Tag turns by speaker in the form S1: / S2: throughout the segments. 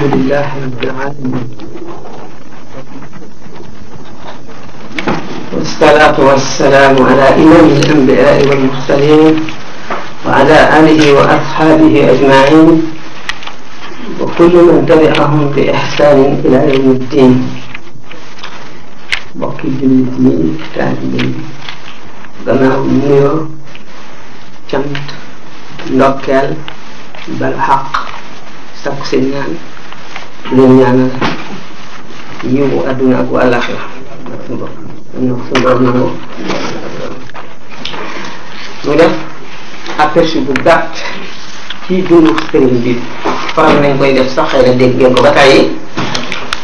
S1: الحمد لله رب العالمين والصلاة والسلام على إمام الأنبياء والمرسلين وعلى آله وأصحابه أجمعين وكل من تبعهم بإحسان إلى يوم الدين mbokki jullit yi taalibe yi gannaaw nuyoo cant ndokkeel bal xaq sakku si ñaan leen ñaanal yiwu àdduna ak waa àllaaxira ñu def aperçu bu gàtt ci dundu sëriñ bi faral nañ koy def sax xëy na dégg ngeen ko ba tàyyi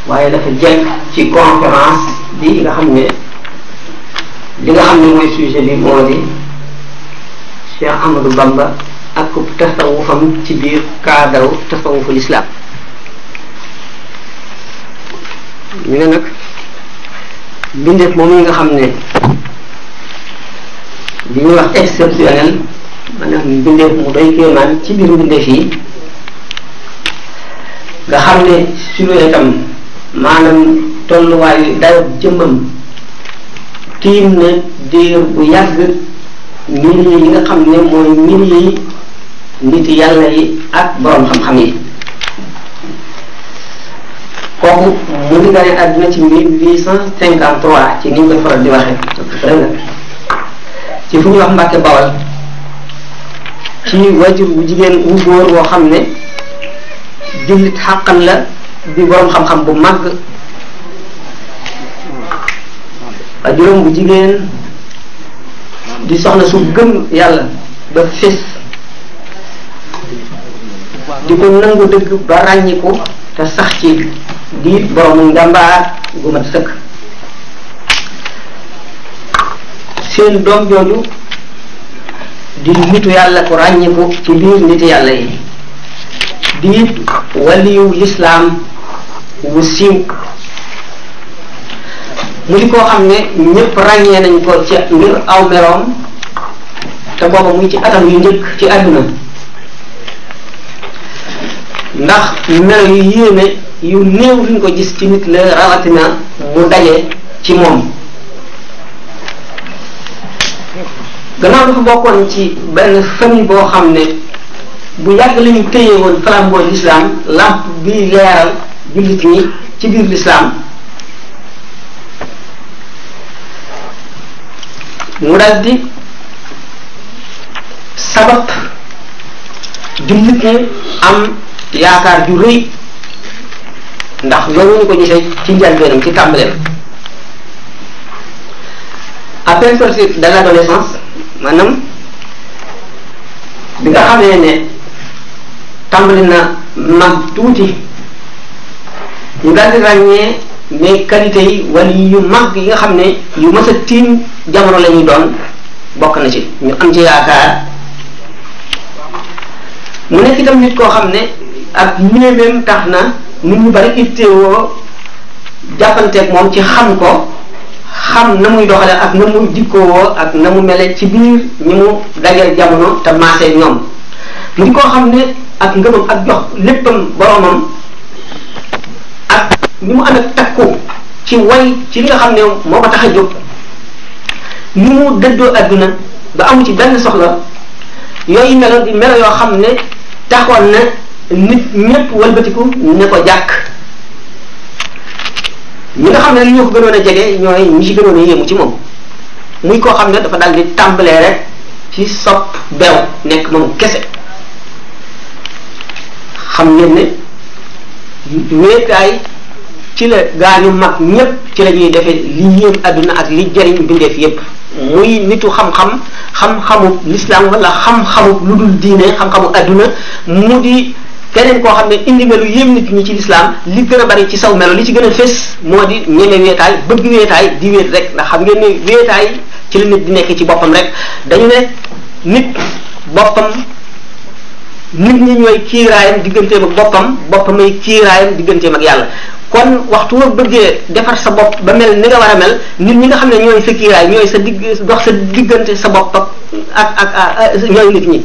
S1: waaye dafa jekk ci conférence bi nga xam ne li nga xam ne mooy sujet bi moo di Cheikh Amadou Bamba ak tasawufam ci biir kaadaru tasawufu lislaam ñu ne nag bindeef moom yi nga xam ne li ñuy wax exceptionnel maanaam bindeef mu doy kéemaan ci biir bindeef yi nga xam ne siluetam maanaam tolluwaayu dayo jëmmam tiim na diir bu yàgg milliers yi nga xam ne mooy milliers nit yàlla yi ak boroom xam-xam yi kooku mu ngi gane àdduna ci mille huit faral di waxee dégg nga ci fu ñuy wax Mbàkke Bawal ci wajur bu jigéen bu góor boo xam ne jullit xàqan la di borom xam-xam bu màgg wajuram bu jigéen di soxla su gëm yàlla ba fis di ko nangu dëgg ba ràññiku te sax ci di boroomu njàmbaar gu mat sëkk seen doom jooju di nitu yàlla ku ràññiku ci biir nit yàlla yi di waliyu lislaam wu siiw mu di koo xam ne ñëpp ràññee nañ ko ci ngir aw meloom te booba muy ci atam yu njëkk ci àdduna ndax mel yu yéeme yu néew fi ñu ko gis ci nit la rawatina mu daje ci moom gannaaw dafa bokkoon ci benn famille boo xam ne bu yàgg la ñu téye woon flambeau làmp bi leeral jullit ñi ci biir l'islam mu daldi di sabab jullit ñi am yaakaar ju réy ndax loolu ñu ko gisee ci njëlbeenam ci tàmbaleem à partir de l'adolescence manam bi nga xamee ne tàmbali na mag tuuti ñu daal di ràññee mais qualité yi wala yu mag yi nga xam ne yu mës tiim jamono la ñuy doon bokk na ci ñu am ci yaakaar mu nekk itam nit koo xam ne ak néeméem tax na nit ñu bari itteewoo jàppanteeg moom ci xam ko xam na muy doxale ak na muy jikkoowoo ak na mu mele ci biir ñi mu dajeel jamono te ñoom ngi koo xam ne ak ngëmam ak jox léppam boromam ak ni mu ànd ak ci way ci li nga xam ne moo ko tax a jóg ni mu dëddoo adduna ba amu ci benn soxla yooyu melo di melo yoo xam ne taxoon na nit ñëpp wëlbatiku ne ko jàkk ñu nga xam ne ñoo ko gënoon a jege ñooy ñu ci gënoon a yéemu ci moom muy koo xam ne dafa daal di tàmbalee rek ci sopp beew nekk moom kese xam ngeen ne wéetaay ci la gaañu mag ñépp ci la ñuy defee li yéem àdduna ak li jëriñ mbindeef yépp muy nitu xam-xam xam-xamu lislaam wala xam-xamu lu dul diine xam-xamu àdduna mu di keneen koo xam ne indi melu yéem nit ñi ci lislaam li gën a bari ci saw melo li ci gën a fés moo di ñeme wéetaay bëgg wéetaay di wéet rek ndax xam ngeen ne wéetaay ci la nit di nekk ci boppam rek dañu nit boppam nit ñi ñooy kiiraayam digganteem ak boppam boppam ay kiiraayam digganteem ak yàlla kon waxtu woo bëggee defar sa bopp ba mel ni nga war a mel nit ñi nga xam ne ñooy sa kiiraay ñooy sa digg dox sa diggante sa bopp ak ak ak ñooy nit ñi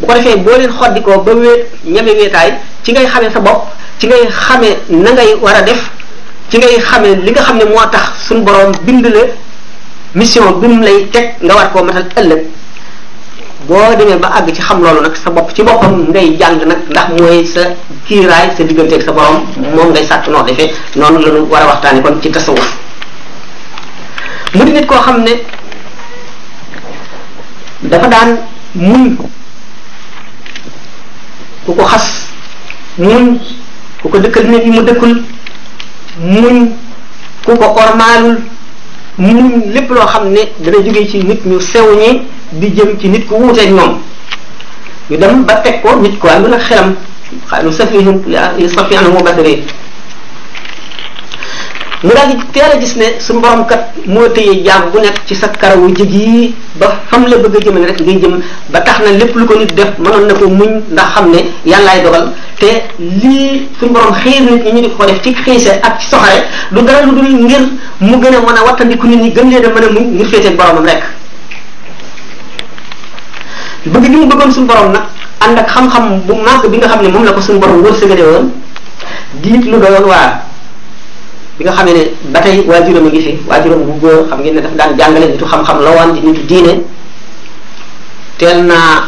S1: bu ko defee boo leen xoddikoo ba wéet ñeme wéetaay ci ngay xamee sa bopp ci ngay xamee na ngay war a def ci ngay xamee li nga xam ne moo tax suñ boroom bind la mission bi mu lay teg nga war ko matal ëllëg boo demee ba àgg ci xam loolu nag sa bopp ci boppam ngay jàng nag ndax mooy sa kiiraay sa digganteeg sa borom moom ngay sàkk noo defee noonu la ñu war a waxtaanee kon ci tasawuf mu di nit koo xam ne dafa daan muñ ku ko xas muñ ku ko dëkkal nit ñi mu dëkkul muñ ku ko ormaalul muñ lépp loo xam ne dana jóge ci nit ñu sew ñi di jëm ci nit ku wuuteeg ñoom ñu dem ba teg ko nit ko am na xelam xaalu safihim li safi anhu mubadiri mu daal di teel a gis ne suñu borom kat moo téye jaam bu nekk ci sa karawu jëg yi ba xam la bëgg a jëmale rek ngay jëm ba tax na lépp lu ko nit def mënoon na ko muñ ndax xam ne yàllaay dogal te lii suñu borom xëy nit ñi ñu di ko def ci xiise ak ci soxare du dara lu dul ngir mu gën a mën a wattandiku nit ñi gën leen a mën a muñ ngir féeteeg boromam rek bëgg gi mu bëggoon suñu borom nag ànd ak xam-xam bu màgg bi nga xam ne moom la ko suñu borom wërsëgale woon diit lu doyoon bi nga xamee ne ba tey waajuram a ngi fi waajuram bu góor xam ngeen ne daf daan jàngale nitu xam-xam la woon di nitu diine teel naa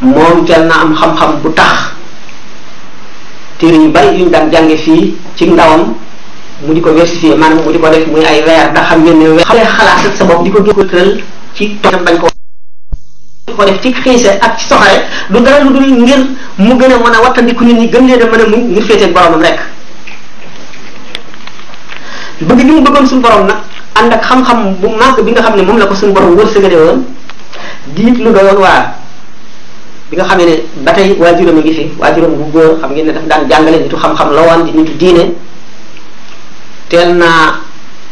S1: moom teel naa am xam-xam bu tax téere yu bari yu ñu daan jànge fii ci ndawam mu di ko versifier maanaam mu di ko def muy ay weer ndax xam ngeen ne we xale xalaat sa bopp di ko gën a tëral ci toxam bañ ko ko def ci xiise ak ci lu du dara lu dul ngir mu gën a mën a wattandiku nit ñi gën leen a mën a muñ ngir féeteeg boromam rek bëgg li mu bëggoon suñu borom nag ànd ak xam-xam bu màgg bi nga xam ne moom la ko suñu borom wërsëgale woon di it lu doyoon waar bi nga xam ne ba tey waajuram a ngi fi waajuram bu góor xam ngeen ne daf daan jàngale nitu xam-xam la woon di nitu diine teel naa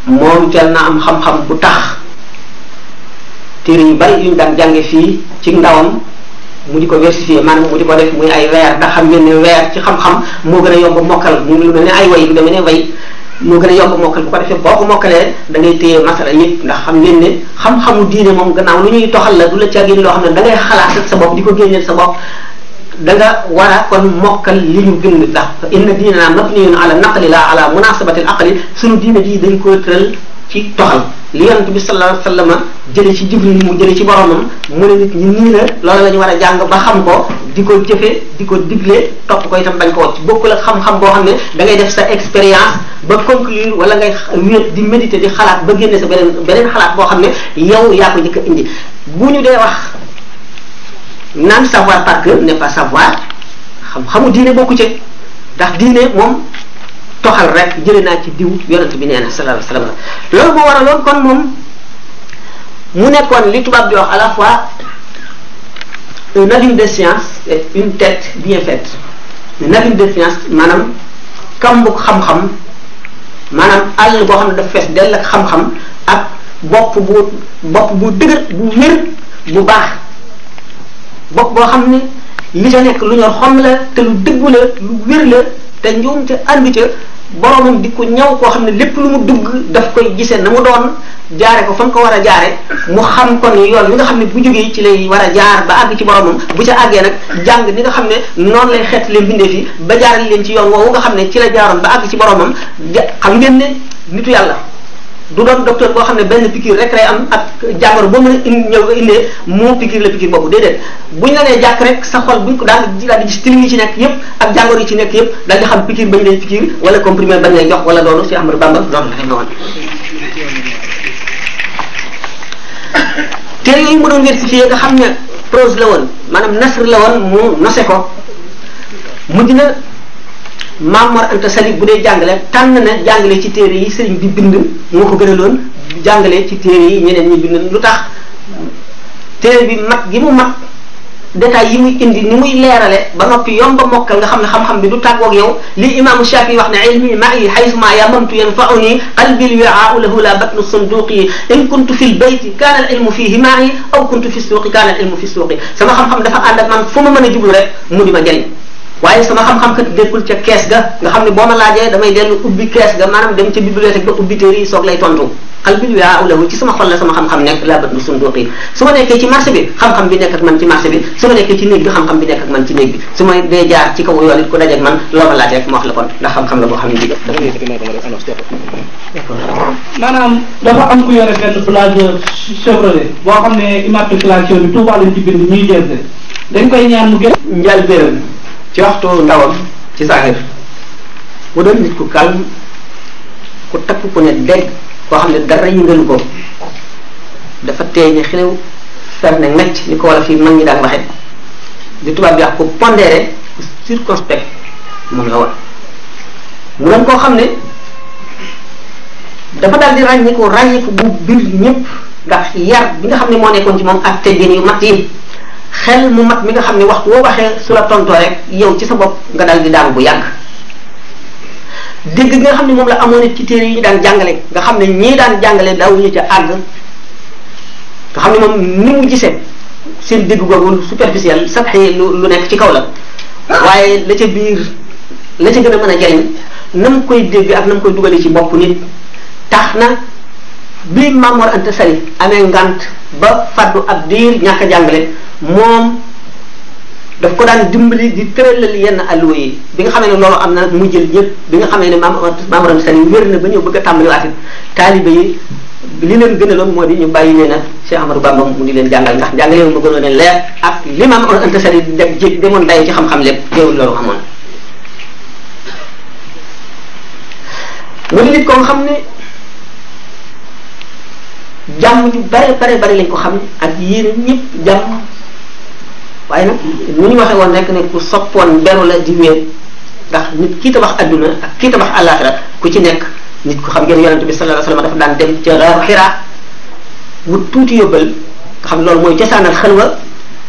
S1: moom teel am xam bu tax téere yu bari yu ñu daan jànge fii ci ndawam mu di ko versifier maanaam mu di ko def muy ay weer ndax xam ngeen weer ci xam-xam moo gën a yomb mokkal mu lu mel ne ay way lu demee ne way moo gën a yomb mokkal bu ko defee boo ko mokkalee da ngay téye masala ndax xam ngeen ne xam-xamu diine moom gannaaw lu ñuy toxal la du la caa génn loo xam ne da ngay xalaat sa bopp di ko génneel sa bopp da nga war a kon mokkal li ñu bind ndax inna diinana mabniyun ala naqli la ala munasabatil aqli suñu diine ji dañ koo tëral ci toxal li yonent bi sallallahu alayhi wasallam jële ci jibril mu jële ci boromam mu ne nit ñi nii la loolu la ñu war a jàng ba xam ko di ko jëfee di ko diglee topp ko itam bañ ko wàcc bokkul ak xam-xam boo xam ne dangay def sa expérience ba conclure wala ngay wér di méditer di xalaat ba génne sa beneen beneen xalaat boo xam ne yow yaa ko njëkk indi bu ñu dee wax naan savoir par cœur pas savoir xam-xamu diine bokku ci ndax diine moom toxal rek jële naa ci diw yonent bi nee na sallallahu alayhi wasallam loolu moo waraloon kon moom mu nekkoon li tubaab di wax à la fois un abîme de science et une tête bien faite un de science maanaam kambuk xam-xam maanaam àll boo xam ne daf fees dell ak xam-xam ak bopp bu bopp bu dëgër bu wér bu baax bopp boo xam ne li ca nekk lu ñor xom la te lu dëggu la lu wér la te njuum ca ànd ca boromam di ko ñaw koo xam ne lépp lu mu dugg daf koy gisee na mu doon jaare ko fa ko war a jaare mu xam ko ni yoon li nga xam ne bu jógee ci lay war a jaar ba àgg ci boromam bu ca àggee nag jàng ni nga xam ne noonu lay xeet leen bindee fi ba jaarale leen ci yoon woowu nga xam ne ci la jaaroon ba àgg ci boromam xam ngeen ne nitu yàlla du doon docteur boo xam ne benn piqûre rek lay am ak jàngoro boo mën a ñëw nga indee moo piqûre la piqûre boobu déedéet buñ la nee jàkk rek sa xol buñ ko daal di daal di gis tilim yi ci nekk yëpp ak jàngoro yi ci nekk yépp daal di xam piqûre bañ lay piqûre wala comprimé bañ lay jox wala loolu si Ahmadou Bamba loolu la ñu woon. téere yooyu mu doon versifié nga xam ne prose la woon maanaam nasr la woon mu nose ko mujj na. Mamor Anta Sali bu dee jàngale tànn na jàngale ci téere yi sëriñ bi bind moo ko gënaloon jàngale ci téere yi ñeneen ñi bind lu tax téere bi mag gi mu mag détails yi muy indi ni muy leerale ba noppi yomba mokkal nga xam ne xam-xam bi du tàggoog yow li imaamu Shafi wax ne ilmi ma yi xaysuma yamamtu yanfauni qalbi lwiaau lahu la batnu sunduqi in kuntu fi lbayti kaana al ilmu fihi maa yi aw kuntu fi suuqi kaana al ilmu fi suuqi sama xam-xam dafa ànd ak man fu ma mën a jublu rek mu di ma jëriñ waaye sama xam-xam kat dékkul ca kees ga nga xam ne boo ma laajee damay dellu ubbi kees ga maanaam dem ca bibliothèque ba ubbi téere yi soog lay tontu xal bi yaa ulahu ci sama xol la sama xam-xam nekk laa bët lu sunduuqi su nekkee ci xam bi nekk ak man ci marché bi su ma nekkee ci néeg bi xam-xam bi nekk ak man ci néeg bi su dee jaar ci kaw yoon ku dajeeg man loo ma laaj rek ma wax la kon ndax xam-xam la boo xam ne bi am ku yore benn plage boo xam ne immatriculation bi Touba dañ koy ñaan mu gën njal ci waxtu ndawam ci saahir mu doon nit ku calme ku takk ku ne dégg koo xam ne dara yëngalu ko dafa teey ne xelew fer ne ngacc ni ko wala fii mag ñi daan waxe di tubaab bi wax ku pondéré circonspect moom la woon mu doon koo xam ne dafa daal di ràññiku ràññiku bu biir ñëpp ndax yar bi nga xam ne moo nekkoon ci moom ak teggin yu mat yi xel mu mag mi nga xam ne wax woo waxee su la tontoo rek yow ci sa bopp nga daal di daanu bu yàgg dégg nga xam ne moom la amoon it ci téere yi ñu daan jàngale nga xam ne ñii daan jàngale daawuñu ca àgg xam ne moom ni mu gisee seen dégg googu superficiel sax lu lu nekk ci kaw la waaye la ca biir la ca gën a mën a jariñ na koy dégg ak na mu koy dugalee ci bopp nit tax na bii Mame Mor Anta Sali amee ngant ba faddu ab diir ñàkk a jàngale moom daf ko daan dimbali di tëralal yenn alluwa yi bi nga xam ne loolu am na mu jël yëpp bi nga xam ne Mame Mame Mor Anta Sali wér na ba ñëw bëgg a tàmbaliwaat it taalibe yi li leen gënaloon moo di ñu bàyyi leen ak Cheikh Amadou Bamba mu di leen jàngal ndax jàngale yoon ba gënoon a leer ak li Mame Mor Anta Sali dem jé demoon dayo ci xam-xam lépp teewul loolu amoon mu di nit koo xam jàmm ñu bare bare bari lañ ko xam ak yéen ñëpp jàmm waaye nag nu ñu waxee woon rek ne ku soppoon beru la di wéer ndax nit kii tabax adduna ak kii tabax àllaaxira ku ci nekk nit ko xam ngeen yonente bi sallallahu alayhi wasallam dafa daan dem ci xaaru xiraa wut tuuti yóbbal xam loolu mooy cosaanal xelwa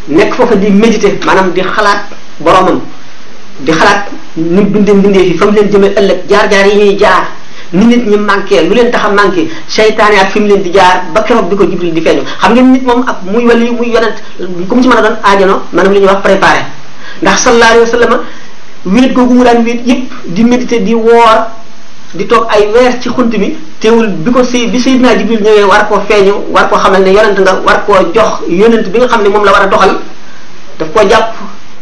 S1: nekk foofa di méditer maanaam di xalaat boromam di xalaat nu bindee bindee fi fa leen jëmee ëllëg jaar-jaar yi ñuy jaar ni nit ñi manqué lu leen tax a manqué seytaane ak fi leen di jaar ba keroog bi ko jibril di feeñu xam ngeen nit moom ak muy wali muy yonent ku mu ci man a doon aajano maanaam li ñuy wax préparé ndax sallallahu alayhi wa sallam wéet googu mu daan wéet yëpp di méditer di woor di toog ay weer ci xunt mi teewul bi ko si bi Seydina Jibril ñëwee war koo feeñu war koo xamal ne yonent nga war koo jox yonent bi nga xam ne moom la war a doxal daf koo jàpp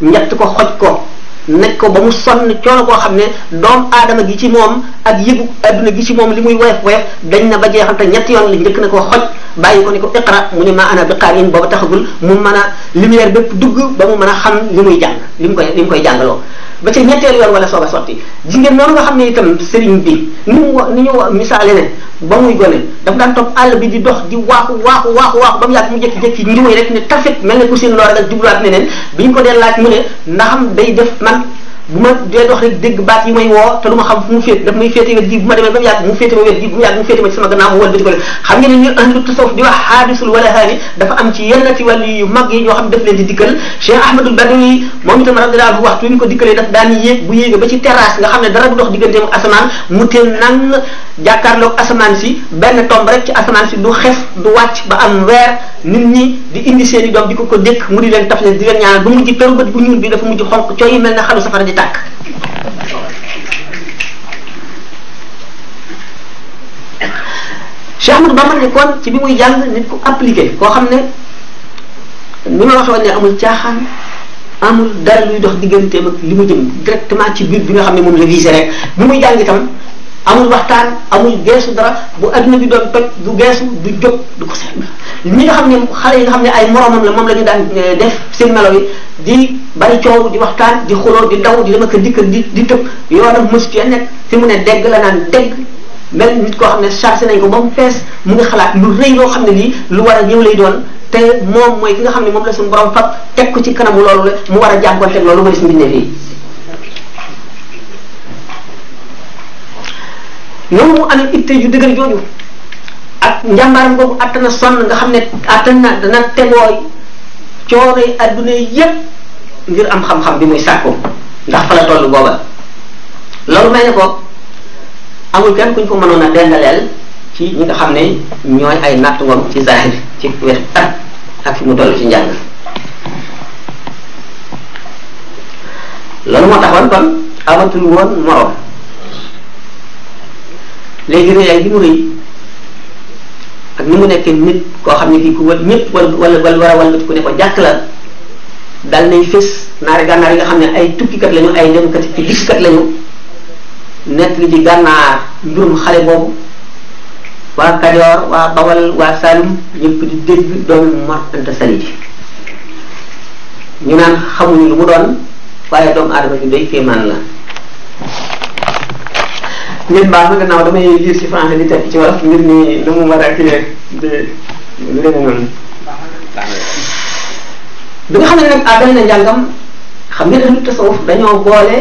S1: ñett ko xoj ko nekk ko ba mu sonn coono koo xam ne doom aadama gi ci moom ak yëgu adduna gi ci moom li muy woyof woyof dañ na ba jeexal te ñetti yoon li njëkk na ko xoj bàyyi ko ne ko iqra mu ne maa ana biqaar in booba taxagul mu mën a lumière bépp dugg ba mu mën a xam li muy jàng li mu koy li mu koy jàngaloo ba ca ñetteelu yoon wala soog a sotti ngeen noonu nga xam ne itam sëriñ bi ni mu wa ni ñu misaale ne ba muy gone daf daan topp àll bi di dox di waaxu waaxu waaxu waaxu ba mu yàgg mu jékki-jékki njuwee rek ne tafet mel ne ku seen loo ragal jubluwaat neneen bi ñu ko dee laaj mu ne ndaxam bay def man bu ma dee dox rek dégg baat yi may woo te du ma xam fu mu féete mu yàgg ma wet bu mu yàgg mu féete ma ci am ci yenn ci mag yi di dikkal Cheikh Ahmadul Badawi moom itam radiyallahu anhu waxtu ñu daan yéeg bu yéegee ba ci terrasse nga mu teel si benn tomb rek ci asamaan ba am ko ko mu di leen taf leen di leen ñaanal ba mujj peru bët bu ñuul bi dafa mujj xonq cooy mel na xalu safara tàkk Cheikh Ahmadou Bamba nekkoon ci bi muy jàng nit ku appliqué koo xam ne ni ma waxee woon ne amul caaxaan amul dara luy dox digganteem ak li mu jëm directement ci biir bi nga xam ne moom la visé rek bi muy jàng itam amul waxtaan amul geesu dara bu adduna bi doon toj du geesu du jóg du ko seet ñi nga xam ne xale yi nga xam ne ay moromam la moom la ñu daan eh, def seen melo yi di bari coow di waxtaan di xuloo di daw di dama ko dikk di di tëb yoonam mos cee nekk fi mu ne la naan dégg mel nit koo xam ne chargé nañ ko ba mu mu xalaat lu rëy loo xam ne lii lu war a ñëw lay doon te moom mooy ki nga xam ne moom la suñu borom fab teg ko ci kanamu loolu la mu war a jànkuwanteeg loolu mooy suñu bindee fii. loolu mu amee itte ju dëgër jooju ak njàmbaaram boobu attan sonn nga xam ne attan na dana tegooy coono yi adduna yépp ngir am xam-xam bi muy sàkku ndax fa la toll booba loolu may ne ko amul kenn kuñ ko mënoon a dendaleel ci ñi nga xam ne ñooy ay natt ngoom ci zahir ci wet at ak fi mu toll ci njàng loolu moo taxoon kon amatul woon moroom léegi réyaay gi mu rëy ak ni mu nekkee nit koo xam ne kii ku wal ñëpp wa wala wal war ku ne ko jàkk la dal nay fés naari gànnaar yi nga xam ne ay tukkikat lañu ay demkat ki giskat lañu nekk li ci gànnaar mbirum xale boobu waa Kajoor waa Bawal waa Saalum ñëpp di dégg doomu Mor Anta Sali ji ñu naan xamuñu lu mu doon waaye doomu aadama ju doy kéemaan la ngeen baax na gannaaw damay liir ci français di tekk ci wolof ngir ni lu mu war a accueillir de léegi noonu. bi nga xam ne nag àggal na njàngam xam ngeen ahlu tasawuf dañoo boole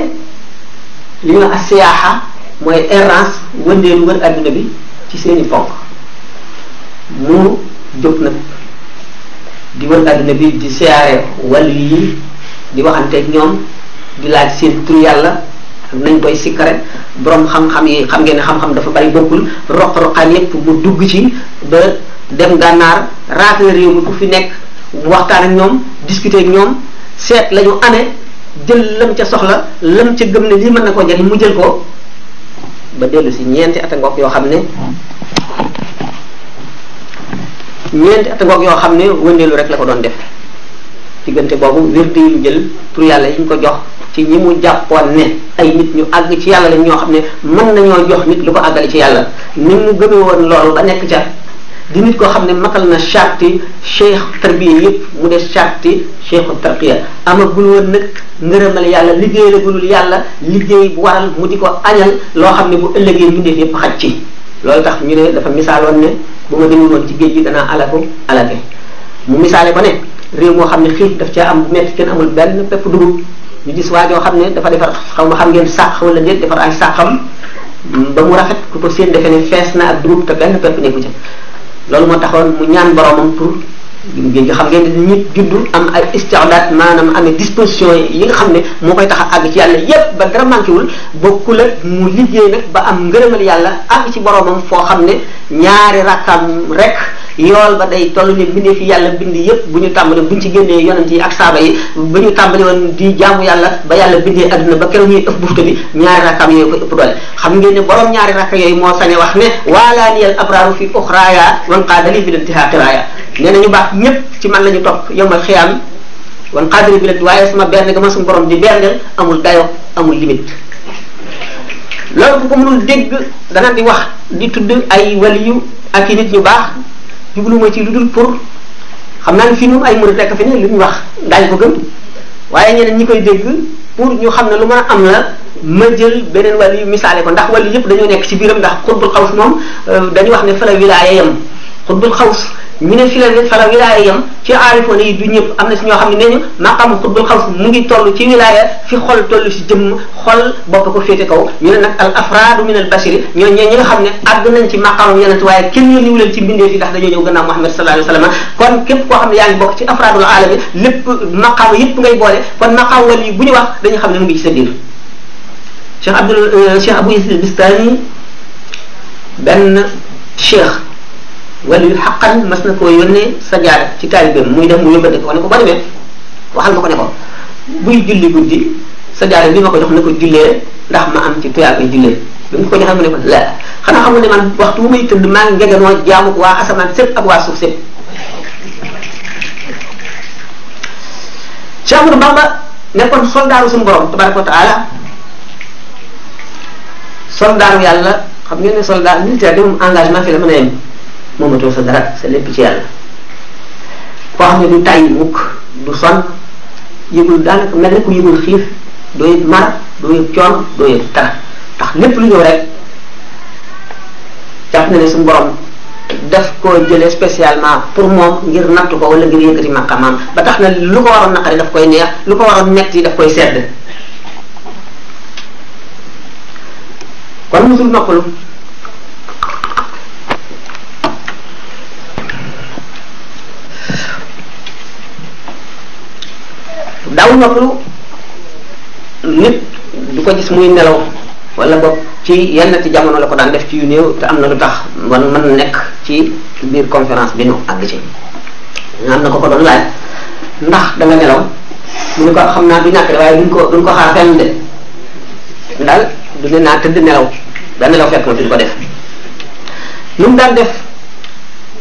S1: li ñu as siyaaxa mooy errance wëndeelu wër adduna bi ci seeni fonk mu jóg nag di wër adduna bi di siyaare wàllu yi di waxanteeg ñoom di laaj seen tur yàlla. nañ koy sikkare boroom xam-xam yi xam ngeen ne xam-xam dafa bari bokkul roq-roqaan yépp mu dugg ci ba dem gànnaar raafee réew mi ku fi nekk waxtaan ak ñoom discuter ak ñoom seet lañu ñu jël lam ca soxla lam ca gëm ne lii mën na koo jël mu jël ko ba dellu si ñeenti at ngoog yoo xam ne ñeenti at ngoog yoo xam ne wëndeelu rek la ko doon def diggante boobu wird yi ñu jël pour yàlla yi ñu ko jox ci ñi mu jàppoon ne ay nit ñu àgg ci yàlla lañ ñoo xam ne mën nañoo jox nit lu ko àggale ci yàlla ni mu gëmee woon loolu ba nekk ca di nit koo xam ne matal na charti cheikh tarbiya yëpp mu des charti cheikhu tarbiya amagul woon nag ngërëmal yàlla liggéey la gulul yàlla liggéey bu waral mu di ko añal loo xam ne bu ëllëgee mbindeef yëpp xaj ci loolu tax ñu ne dafa misaaloon ne bu ma demul woon ci gi danaa alaku alake mu misaale réew moo xam ne xiif daf caa am metti kenn amul benn pepp dugub ñu gis waa joo xam ne dafa defar xaw ma xam ngeen sàq wala déet defar ay sàqam mm, ba mu rafet ku ko seen defe ne fees na ak dugub te benn pepp nekku ca loolu moo taxoon mu ñaan boromam pour ngeen xam ngeen ne nit juddu am ay istidaat maanaam amee disposition yi nga xam ne moo koy tax ak àgg ci yàlla yépp ba dara manqué wul bokkul ak mu liggéey nag ba am ngërëmal yàlla àgg ci boroomam foo xam ne ñaari rakkaam rek yool ba day toll ni bindee fi yàlla bind yépp bu ñu tàmbali bu ñu ci génnee yonent yi ak saaba yi bu ñu tàmbali woon di jaamu yàlla ba yàlla bindee adduna ba keroog ñuy ëpp bufta bi ñaari rakam yooyu ko ëpp doole xam ngeen ne borom ñaari rakam yooyu moo sañe wax ne waalaaniyal abraaru fi uxraaya wan qaadali bi leen tixaaqiraaya nee na ñu baax ñépp ci man la ñu topp yomal xiyaam wan qaadali bi leen waaye sama benn ga ma suñu borom di benn amul dayo amul limite loolu bu ko mënul dégg dana di wax di tudd ay waliyu ak yi ñu baax jubluma ci lu dul pour xam naa ne fi moom ay murid rekk fi ne lu ñu wax daañu ko gëm waaye ñeneen ñi koy dégg pour ñu xam ne lu ma am la ma jël beneen wàll yu misaale ko ndax wàll yëpp dañoo nekk ci biiram ndax xutbul xaws moom euh, dañu wax ne fa la wilaaya yam xutbul xaws ñu ne fi la nit fala wilaaya yam ci aarifoon yi du ñëpp am na si ñoo xam ne nee ñu maqamu xutbul xaws mu ngi toll ci wilaaya fi xol toll si jëmm xol bopp ko féete kaw ñu ne nag al afraadu min al bashiri ñoo ñee ñi nga xam ne àgg nañ ci maqamam yonent waaye kenn ñu niwuleen ci mbindeef yi ndax dañoo ñëw gannaaw Muhammad sallallahu alayhi wa sallam kon képp koo xam ne yaa ngi bokk ci afraadul alami lépp maqaam yëpp ngay boole kon maqaam wal yi bu ñu wax dañu xam ne mu ngi ci sa biir Cheikh Abdul euh, Cheikh Abou Is Bistani benn cheikh wala yu xaqan mas na koo yónnee sajaada ci taalibeem muy dem mu yóbbante ko ne ko ba demee waxal nga ko ne ko buy julli guddi sajaada bi ma ko jox na ko jullee ndax ma am ci tuyaa koy jullee bi mu ko joxee mu ne ko la xanaa ne man waxtu bu may tëdd maa ngi waa asamaan sépp ak waa suuf sépp Cheikh Ahmadou Bamba nekkoon soldaaru suñu borom tabaraka wa taala soldaaru yàlla xam ngeen ne soldat militaire de moom engagement fi la mën a yem moomatoo sa dara sa lépp ci yàlla koo xam ne du tàyyi mukk du son yëgul daanaka mel na ku yëgul xiif doo yëg mar doo yëg coon doo yëg dara ndax lépp lu ñëw rek jàpp na ne suñu borom daf koo jëlee spécialement pour moom ngir nattu ko wala ngir yëkkati maqamam ba tax na lu ko waroon naqari daf koy neex lu ko waroon metti daf koy sedd kon musul noppalu na noppalu nit du ko gis muy nelaw wala boog ci yenn ci jamono la ko daan def ci yu néew te am na lu tax man mën nekk ci biir conférence bi nu àgg ci am na ko ko doon laaj ndax da nga nelaw mu ne ko xam naa du ñàkk de waaye duñ ko duñ ko xaar fenn de daal du ne naa tëdd nelaw da nelaw fekk ma duñ ko def lu mu daan def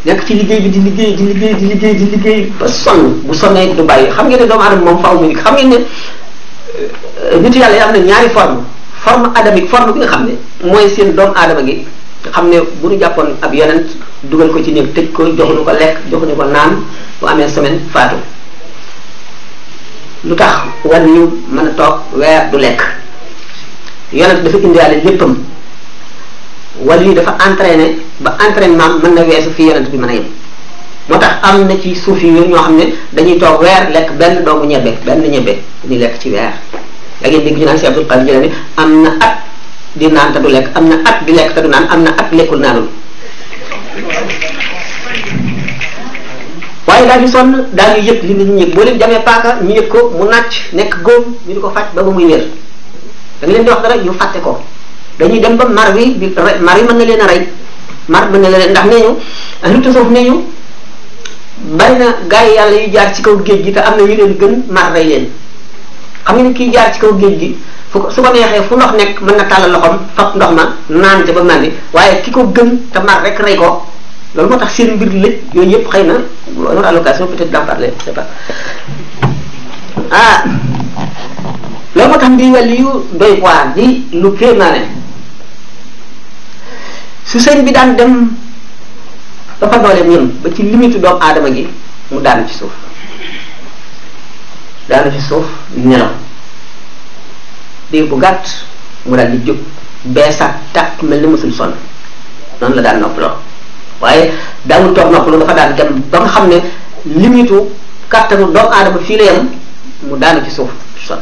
S1: nekk ci liggéey bi di liggéey di liggéey liggéey di liggéey ba sonn bu sonnee du bàyyi xam ngeen ne doomu aadama moom faaw mu xam ngeen ne euh, nit yàlla yi am na ñaari forme forme adamique forme bi nga xam ne mooy seen doomu aadama gi xam ne bu nu jàppoon ab yonent dugal ko ci néeg tëj ko joxuñu ko lekk joxuñu ko naan bu amee semaine faatu lu tax war ñu mën a toog weer du lekk yonent dafa indiwaale léppam wali dafa entraîné ba entraînement mën na weesu fi yonent bi mën a yem moo tax am na ci suuf yi ñoo xam ne dañuy toog weer lekk benn doomu ñebe benn ñebe ñu lekk ci weer da ngeen dégg ñu naan si am na di naan te du lekk am na at di lekk te am na at lekkul naanul waaye daal di sonn daal di yëg li nit ñi yëg boo leen jamee paaka ñu yëg ko mu nàcc nekk góom ñu di ko fàcc ba ba muy wér da leen di wax dara ñu fàtte ko dañuy dem ba mar bi bi mar yi mën na leen a rey mar mën na leen ndax nee ñu ahlu tasawuf nee ñu bari na gars yi yàlla yu jaar ci kaw géej gi te am na yu leen gën mar rey leen xam nga kii jaar ci kaw géej gi fu su ko neexee fu ndox nekk mën na tàllal loxoom fab ndox ma naan ca ba màndi waaye ki ko gën te mar rek rey ko loolu moo tax seen mbir lépp yooyu yëpp xëy na on aura l'occasion peut-être d'en parler je sais pas ah loolu moo tax mbii wàllu yu doy waar di lu kéemaane fi sëñ bi daan dem dafa dooleem yëm ba ci limitu doomu aadama gi mu daanu ci suuf daanu ci suuf nelaw diir bu gàtt mu daal di jóg sa tàkk mel ni musul son noonu la daan noppaloo waaye daawul toog noppalu dafa daan dem ba nga xam ne limitu kàttanu doomu aadama fii la yem mu daanu ci suuf sonn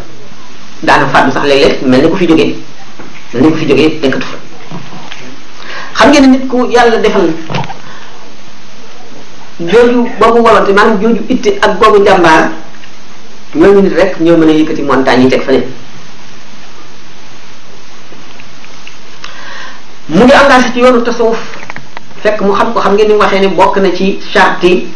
S1: daana fàddu sax léeg-léeg mel ni ku fi jógee mel ni ku fi jógee dënkatu fa xam ngeen nit ku yàlla defal jooju boobu wolote maanaam jooju itte ak boobu jàmbaar ñooñu nit rek ñoo mën a yëkkati montagne yi teg fa ne mu ngi engagé ci yoonu tasawuf fekk mu xam ko xam ngeen ni waxee ne bokk na ci charti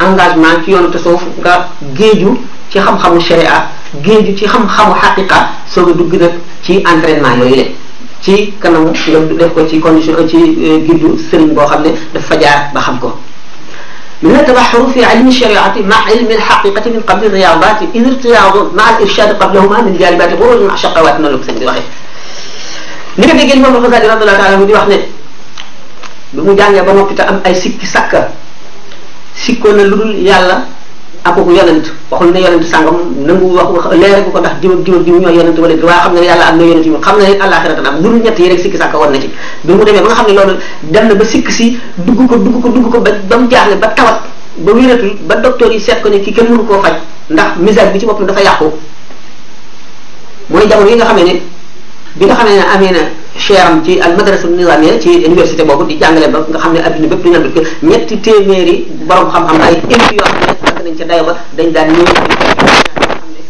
S1: engagement ci yoonu tasawuf nga géeju ci xam-xamu sharia géeju ci xam-xamu xaqiqa soog a dugg nag ci entraînement yooyu leen ci kanam nga def ko ci condition ci euh, giddu sëriñ boo xam ne dafa jaar ba xam ko من التبحر في علم الشريعة مع علم الحقيقة من قبل الرياضات إذ ارتياض مع الإرشاد قبلهما من جالبات غرور مع شقوات na lu ko sëñ bi waxee ni nga déggee moom Xasaali radiyallahu taala anhu di wax ne bi mu jàngee ba noppi te am ay sikki sakka sikkoon na lu dul yàlla akuk yonent waxul ne yonent sàngam nangu wax wax leere ko ndax jiw ak jiw ak ñoo yonent wala waaye xam na ne yàlla am na yonent yi xam na ne àllaaxira dana am war na ci bi mu demee ba nga xam ne loolu dem na ba sikk si dugg ko dugg ko dugg ko ba ba mu jaaxle ba tawat ba wératul ba docteur yi seet ko ne kii kenn mënu koo faj ndax misère bi ci boppam dafa yàqu mooy jamono yi nga xam ne bi nga xam ne amee na cheram ci al madrasa nizamiya ci université boobu di jàngale ba nga xam ne adduna bépp dañu ko ñetti téeméeri borom xam-xam ay indi yoo xam ne àgg nañ ca dayo ba dañ daan ñëw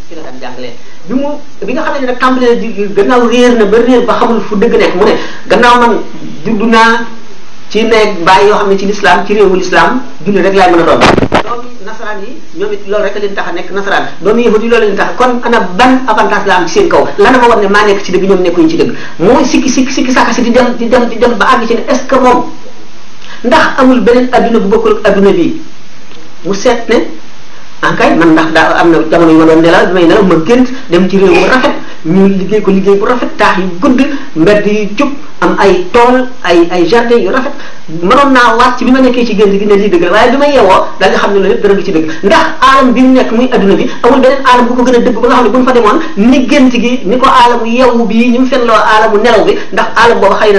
S1: ci la daan jàngalee bi mu bi nga xam ne nag tàmbalee di gannaaw réer na ba réer ba xamul fu dëgg nekk mu ne gannaaw man juddu naa ci néeg bàyyi yoo xam ne ci lislaam ci réewu lislaam julli rek laay mën a doon doomi nasaraan yi ñoom it loolu rek leen tax a nekk nasaraan doomi yahudi loolu leen tax kon ana ban avantage la am ci seen kaw lan ma war ne maa nekk ci dëgg ñoom nekkuñu ci dëgg mooy sikki sikki sikki sàkka si di dem di dem di dem ba àgg ci ne est moom ndax amul beneen adduna bu bokkul ak adduna bii mu seet ne ankay ah man ndax daa am na jamono yu ma doon nelaw bi may nelaw ma gént dem ci réew rafet ñu liggéey ko liggéey bu rafet taax yu gudd mbedd yu jub am ay tool ay ay jardin yu rafet mënoon naa waat ci bi ma nekkee ci gént gi ne lii dëgg la waaye bi ma yeewoo daal di xam ne loolu yëpp dara du ci dëgg ndax aalam bi mu nekk muy adduna bi a dëgg ba nga xam ne bu ñu fa demoon ni gént gi bi ndax aalam na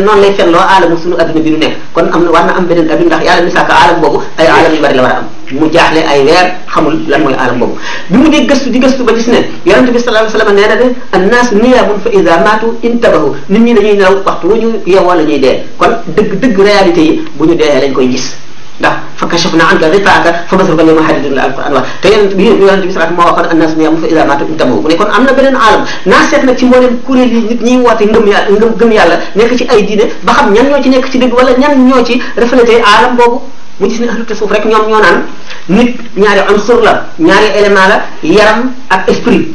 S1: noonu lay fenloo aalamu suñu adduna bi ñu nekk kon am na war na am beneen adduna ndax yàlla ni sàkk aalam boobu ay aalam yu bari la war a am mu jaaxle ay weer xamul lan mooy aalam boobu bi mu di gëstu ba gis ne yonente bi sallallahu alayhi wasallam nee na de annaas niyaamun fa iza maatu intabahu nit ñi dañuy ñuy dee kon dëgg dëgg réalité yi yi bu ñu deexee lañ koy gis ndax fa kashafna anka ghitaaka fa basaruka al-yawma hadiidun la alquran wax te yéen bi yonent bi salaatu moo kon am beneen aalam naa seet nag ci mboolem kuréel yi nit ñiy woote ngëm yàlla nekk ci ay diine ba xam ñan ñoo ci nekk ci dëgg wala ñan ñoo ci reflété aalam boobu mu gis ne ahlu tasawuf rek ñoom ñoo nit ñaari unsur la ñaari élément la yaram ak esprit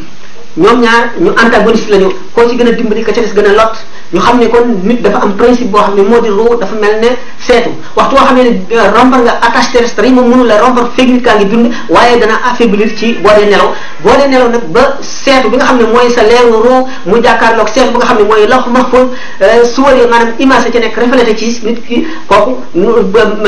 S1: ñoom ñaar ñu antagoniste lañu koo ci gën a dimbali ka ca gën a lot ñu xam ne kon nit dafa am principe boo xam ne moo di ruu dafa mel ne seetu waxtu boo xam ne euh, rompre nga attache terrestre yi dana affaiblir ci boo dee nelaw boo dee nelaw nag bi nga xam ne mooy sa leeru mu jàkkaarloog seetu bi nga xam ne mooy law mahfuz euh, suwar yi maanaam image sa nekk reflété ci nit ki kooku euh,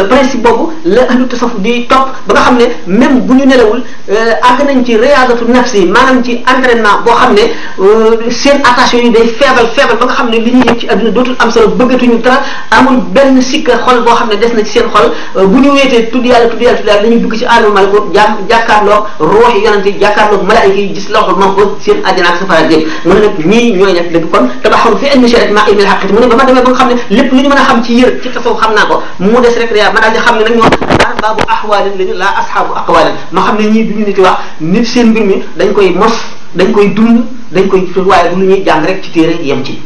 S1: principe boobu la ahlu tasawuf di topp ba nga xam ne même bu ñu nelawul àgg nañ ci riyaadatu nafsi maanaam ci entraînement mag boo xam ne euh, seen attention yi day feebal feebal ba nga xam ne li ñuy yëg ci àdduna dootul am solo bëggatuñu dara amul benn sikka xol boo xam ne des na ci seen xol euh, bu ñu weetee tudd yàlla tudd yàlla tudd yàlla dañuy dugg ci àllum malko jà jàkkaarloog ruux yi yonante yi jàkkaarloog malaayika yi gis loxol mam ko seen àddina ak safara jéeg mu ne nag ñii ñooy nekk dëgg kon tabaxaru fi ann sharat ma ilmil haqiqi mu ne ba ma demee ba nga xam ne lépp lu ñu mën a xam ci yër ci tasawuf xam naa ko mu des rek yaa ma daal di xam ne nag ñoom ah, baabu ahwaalin lañu laa ashaabu aqwaalin ma xam ne ñii bi ñu nit wax nit seen mbir mi dañ koy mos dañ koy dund dañ koy waaye du lu ñuy jàng rek ci téere yem ci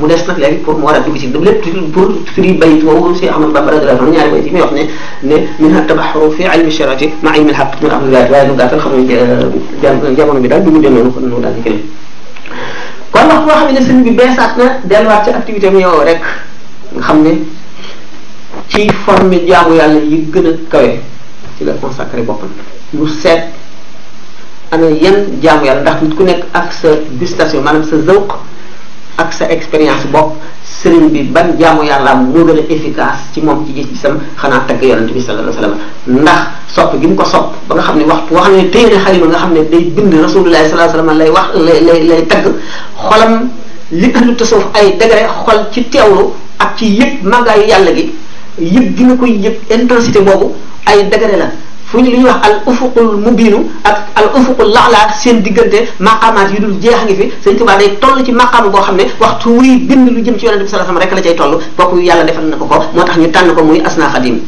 S1: mu des nag léegi pour mu war a dugg ci dam lépp pour firi bayit woowu si Ahmad Bamba radiyallahu anhu ñaari bayit yi muy wax ne ne min ha tabaxaru fi ilmi sharati ma ilmi alxaq min amri waaye lu ne euh, jamono bi daal du mu demee noonu kon noonu daal di kon wax boo xam ne sëñ bi beesaat na delluwaat ci activité am yow rek nga xam ne ci forme jaamu yàlla yi gën a kawe ci la consacré boppam mu seet amee yan jaamu yàlla ndax nit ku nekk ak sa gustation maanaam sa zawq ak sa expérience bopp sëriñ bi ban jaamu yàlla moo gën a efficace ci moom ci gis-gisam xanaa tagg yonent bi sallallahu alayhi wasallam ndax sopp gi mu ko sopp ba nga xam ne waxtu wax ne téye na xalima nga xam ne day bind rasulullah sallallahu alayhi wasallam lay wax lay lay lay tagg xolam li andu tasawuf ay degré xol ci teewlu ak ci yëg màggaayu yàlla gi yëpp gi nga koy yëg intensité boobu ay degré la fu ñu li ñuy wax al ufuqul mubinu ak al ufuqul laala seen diggante maqaamaat yu dul jeex ngi fi sëñ Tuubaa day toll ci maqaama boo xam ne waxtu wuy bind lu jëm ci yonent bi sallallahu alayhi wasallam rek la cay toll kooku yàlla defal na ko ko moo tax ñu tànn muy asna xadim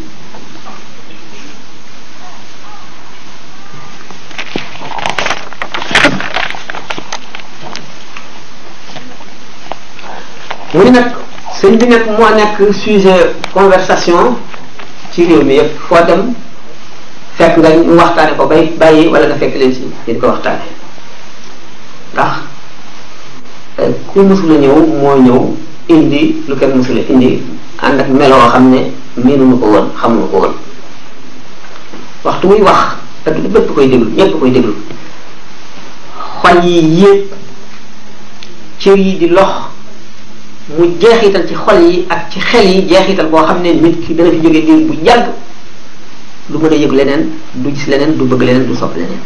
S1: mu ni nag sëñ bi nag moo nekk sujet conversation ci réew mi yëpp foo dem fekk nga ñu waxtaane ko bay bàyyi wala nga fekk leen si ñu di ko waxtaane ndax euh, ku musula ñëw moo ñëw indi lu kenn musula indi ànd ak meloo xam ne miinuñu ko woon xamuñu ko woon waxtu muy wax ak bépp koy déglu ñépp koy déglu xol yi yéeg cër yi di lox mu jeexital ci xol yi ak ci xel yi jeexital boo xam ne nit ki dana fi jógee diir bu yàgg du mën a yëg leneen du gis leneen du bëgg leneen du sopp leneen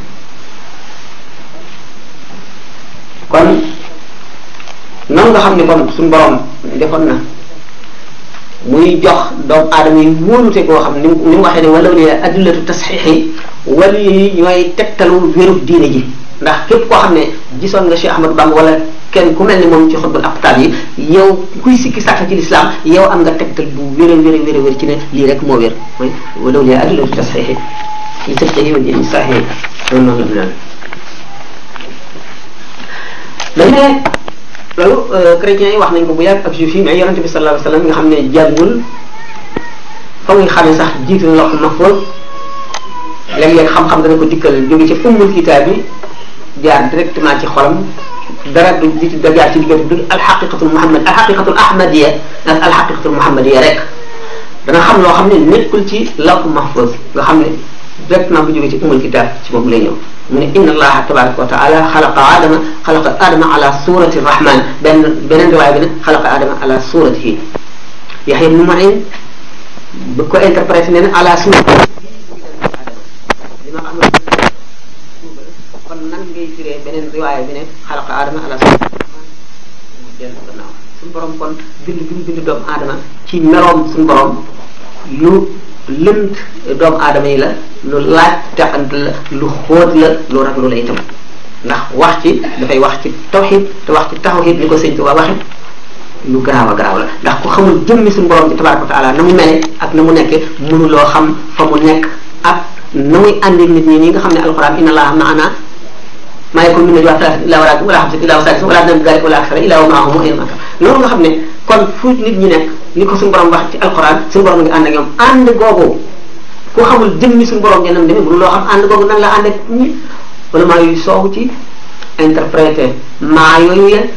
S1: kon noonu nga xam ne kon suñu borom defoon na muy jox doomu aadama yi wóolute koo xam ni mu ni mu waxee ne wala ne adillatu tasxiixi wala yi ñooy tegtalu wérub diine ji ndax képp koo xam ne gisoon nga Cheikh Ahmadou Bamba wala kenn ku mel ni moom ci xutbul aqtaab yi yow kuy sikki sàkk ci lislaam yow am nga tegtal bu wér a wér a wér ci ne lii rek moo wér mooy walaw li adilatu tasxiixi yi sëb ta yow yéen saxee loolu noonu la mel ne loolu euh, chrétiens yi wax nañ ko bu yàgg ak juif yi mais yonente bi sallallahu alayhi wasallam nga xam ne jàngul fa muy xamee sax ma fóot léeg-léeg xam-xam dana ko dikkal jóge ci ummul kitaab bi jaar directement ci xolam dara du di da jaar ci diggante du alxaqiqatul muhammad alxaqiqatul ahmadiya ndax alxaqiqatul muhammadiya rek dana xam loo xam ne nekkul ci lawhu mahfuz nga xam ne directement bu jógee ci umul kitab ci moom lay ñëw mu ne inna allaha tabaraka wa taala xalaqa aadama xalaqa aadama ala surati rahman benn beneen riwaay bi ne xalaqa aadama ala suratihi yaxya ibnu mahin bu ko interprété nee na ala surati kon nan ngay firee beneen riwaaya bi ne xalaqa aadama ala mu dellu kon bind bind doomu aadama ci meroom suñu borom lu lënt doomu aadama yi la lu laaj texant la lu xóot la lu raglu la itam ndax wax ci dafay wax ci tawxid te wax ci tawxid ni ko sëñ Tuba waxe lu garaaw a garaaw la ndax ku xamul jëmmi suñu borom bi tabaraka wa na mu mele ak na mu nekke loo xam fa mu nekk ak na muy àndi nit ñi ñi nga xam ne alxuraan inna allaha maana maa ngi comme li nga wax salaat illaa xam ne kon fu nit ñi nekk ni ko suñu borom wax ci alquran suñu borom nga ànd ak ñoom ànd googu ku xamul jëmmi suñu borom ngeen am loo xam ànd googu nan la ànd ak ñi wala ci interprété maa yooyu yëpp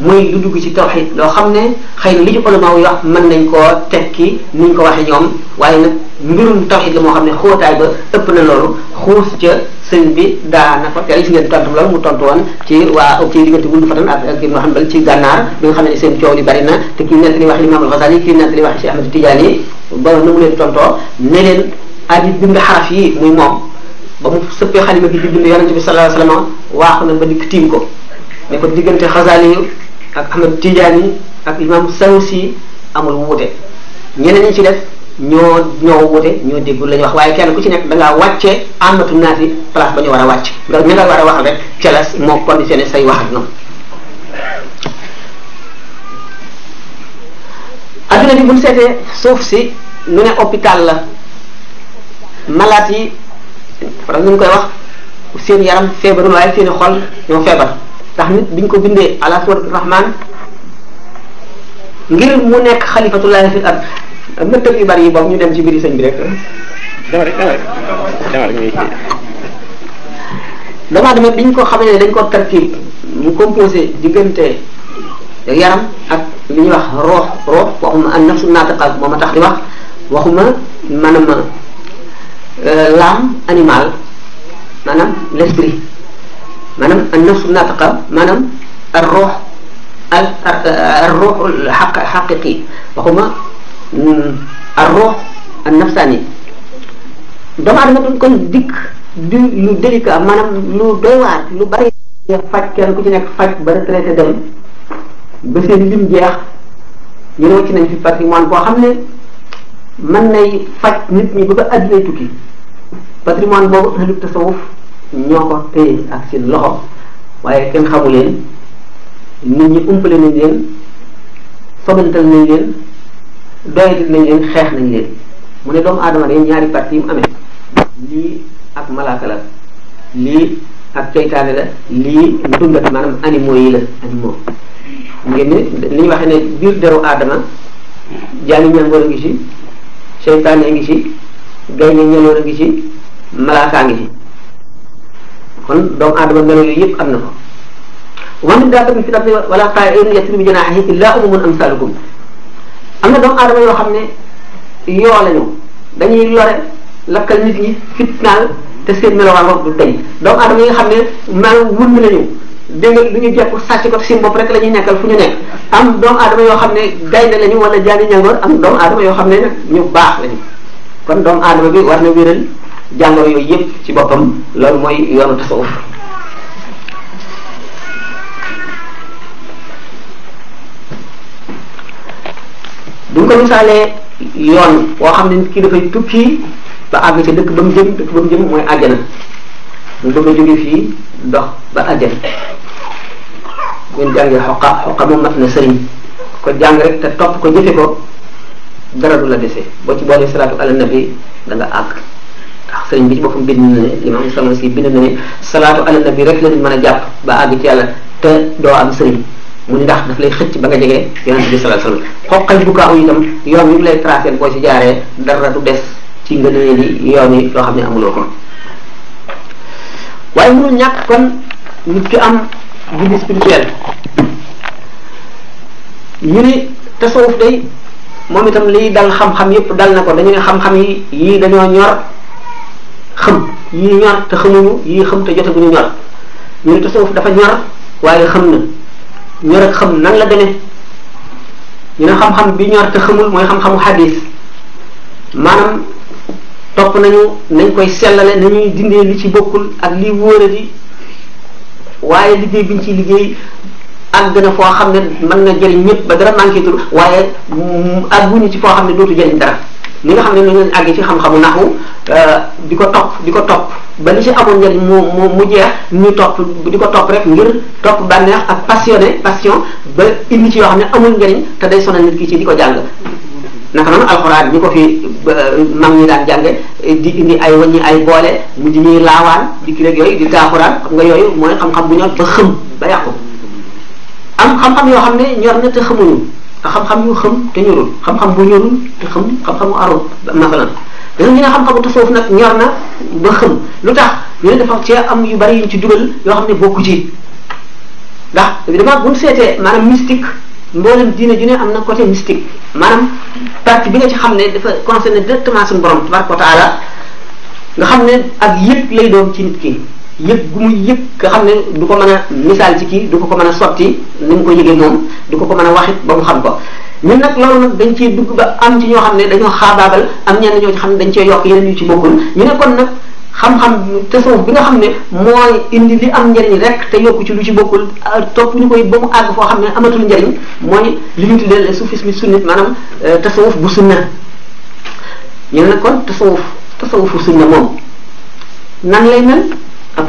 S1: muy lu dugg ci tawxid loo xam ne xëy na li ci ulama yi wax mën nañ koo tekki ni ñu ko waxee ñoom waaye nag mbirum tawxid la moo xam ne xóotaay ba ëpp na loolu xuus ca sëñ bi daana ko teel si ngeen tontu loolu mu tontu woon ci waa ci diggante Wulu Fatan ak Ibnu Hanbal ci gànnaar bi nga xam ne seen coow li bari na te kii nett li wax Imam Al-Ghazali kii nett li wax Cheikh Ahmed Tidiane yi ba na mu leen tontoo ne leen abi bind xaraf yi muy moom ba mu sëppee xalima gi di bind yonente bi sallallahu alayhi wasallam waaxu na ba dikk tiim ko ne ko diggante Ghazali ak Ahmed Tidiane ak Imam Sawsi amul wuute ñeneen ñi ci def ñoo ñoo wute ñoo déggu la ñu wax waaye kenn ku ci nekk da ngaa wàccee amatu naas yi place ba ñu war a wàcc nga ña nga war a waxal rek ca la moo conditionné say wax ak ñoom adduna bi bu ñu seetee suuf si nu ne hôpital la malaat yi faral ñu koy wax seen yaram feebarul waaye seen i xol ñoo feebar ndax nit biñ ko bindee ala suratu rahman ngir mu nekk xalifatullahi fil mëntëg yu bari yi boobu ñu dem ci mbiri sëñ bi rek dama rek dama ko xamee ne dañ koo tartib mu composé diggante yaram ak li ñuy wax roox roox waxuma an nafsu naataqa moo ma tax di wax waxuma maanaam l'âme animal maanaam l'esprit maanaam an nafsu naataqa maanaam ar roox al ar rooxul xaq xaqiqi waxuma arro ak nafsaan yi doomu aadama duñ kon dikk di lu délicat maanaam lu doy waar lu bari faj kenn ku ci nekk faj ba retraité dem ba seen lim jeex yéen wacc nañ fi patrimoine boo xam ne mën nay faj nit ñi ba ba addinay tukki patrimoine boobu ahlu tasawuf ñoo ko téye ak seen loxo waaye kenn xamu leen nit ñi umpale nañ leen sobantal nañ leen doyati nañ leen xeex nañ leen mu ne doomu aadama ne ñaari parti yu mu amee lii ak malaaka la lii ak seytaane la lii dundat maanaam animaux yi la animaux
S2: ngeen ni
S1: ni waxee ne biir deru aadama jaani ñangoor a ngi ci seytaane a ngi ci gaynde ñangoor a ngi ci malaakaa ngi ci kon doomu aadama melo yooyu yëpp am na ko wan daatabi fi dafti wala xaa in yasri bi janaahihi illaa umamun amsaalukum am na doomu aadama yoo xam ne yoo lañu dañuy lore lakkal nit ñi fitnaal te seen melowaan wax du deñ doomu aadama yi nga xam ne mel wund nañu dégg nga lu ñu jekku sàcc ko seen bopp rek la ñuy nekkal fu ñu nekk am doomu adama yoo xam ne gaynde lañu wala jaani ñangoor am doomu aadama yoo xam ne ñu baax lañu kon doomu aadama bi war na wéral jàngoor yooyu yëpp ci boppam loolu mooy yoonu tasawuf bu ñu ko misaalee yoon woo xam ne kii dafay tukki ba àgg ci dëkk ba mu jëm dëkk ba mu jëm mooy àjjana mu bëgg a jóge fii dox ba àjjana ngeen jàngee xoqa xoqa moom mat na sëriñ ko jàng rek te topp ko jëfe ko dara du la dese boo ci boolee salaatu ala nabi da nga àgg ndax sëriñ bi ci boppam bind na si bind na ne salaatu ala nabi rek la nit mën a jàpp ba àgg ci yàlla te doo am sëriñ mu ni ndax daf lay xëcc ba nga jege yonent bi sallallahu alayhi wasallam yi itam yoon wi mu lay tracé boo ci jaaree dara du des ci ngëneel yi yoon yi loo xam ne amuloo ko waaye mënul ñàkk kon nit ki am guddi spirituel ñu ni tasawuf day moom itam liy dal xam-xam yépp dal na ko dañu ne xam-xam yi yii dañoo ñor xam yii ñor te xamuñu yii xam te jotaguñu ñor ñu ni tasawuf dafa ñor waaye xam na ñor ak xam nan la deme ñu ne xam-xam bi ñor te xamul mooy xam-xamu xadis maanaam topp nañu nañ koy sellale nañuy dindee li ci bokkul ak li wóor di waaye liggéey biñ ci liggéey àgg na foo xam ne mën na jëriñ ñëpp ba dara manqué tul waaye ñu ci foo xam ne dootu jëriñ dara li nga xam ne mi ngeen àgg ci xam-xamu naxu euh, di ko topp di ko topp ba li ci amoon njëriñ mu mu mu jeex ñu topp di ko topp rek ngir topp bànneex ak passionné passion ba indi ci yoo xam ne amul njëriñ te day sonal nit ki ci di ko jàng naka noonu alxuraan ñi ko fi mag ñi daan jànge di indi ay waññi ay boole mu di ñuy laawaan di ki rek yooyu di taaxuraan xam nga yooyu mooy xam-xam bu ñor ba xëm ba yàqu am xam-xam yoo xam ne ñor na te xamuñu xam-xam yu xam te ñorul xam-xam bu ñorul te xam xam-xamu arut masalan da nga ñu ne xam-xamu tasawuf nag ñor na ba xam lu tax ñu ne dafa cee am yu bari yuñ ci dugal yoo xam ne bokku ci ndax évidemment buñ seetee maanaam mystique mboolem diine ju ne am na côté mystique maanaam partie bi nga ci xam ne dafa concerné directement suñu borom tabaraka wa taala nga xam ne ak yëpp lay doon ci nit ki yëpp gu muy yëpp nga xam ne du ko mën a misaal ci kii du ko ko mën a sotti ni mu ko yëgee moom du ko ko mën a waxit ba mu xam ko ñun nag loolu nag dañ cee dugg ba am ñoo xam ne dañoo xaabaabal am ñenn ñoo xam ne dañ cee yokk yeneen yu ci bokkul ñu ne kon nag xam-xam tasawuf bi nga xam ne mooy indi li am njëriñ rek te yokku ci lu ci bokkul topp ñu koy ba mu àgg foo xam ne amatul njëriñ mooy li ñu tuddee le soufisme sunnite maanaam euh, tasawuf bu sunna ñu ne nag kon tasawuf tasawufu sunna moom nan lay mel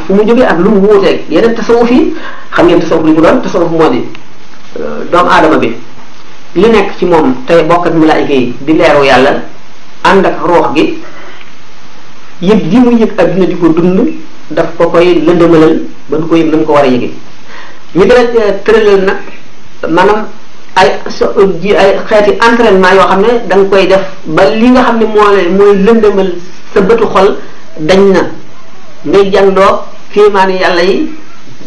S1: fu mu jógee ak lu mu wuuteeg yeneen tasawuf yi xam ngeen tasawuf li mu doon tasawuf moo di euh, doomu aadama bi li nekk ci moom tey bokk ak malaayika yi di leeru yàlla ànd ak roox gi yëg gi mu yëg adduna di ko dund daf ko koy lëndëmalal ba du ko yëg na mu ko war a yëgee ñu dara euh, nag maanaam ay so ji ay xeeti entraînement yoo xam ne da koy def ba li nga xam ne moo lëndëmal sa bëtu xol dañ na ngay jàngdoo kéemaani yàlla yi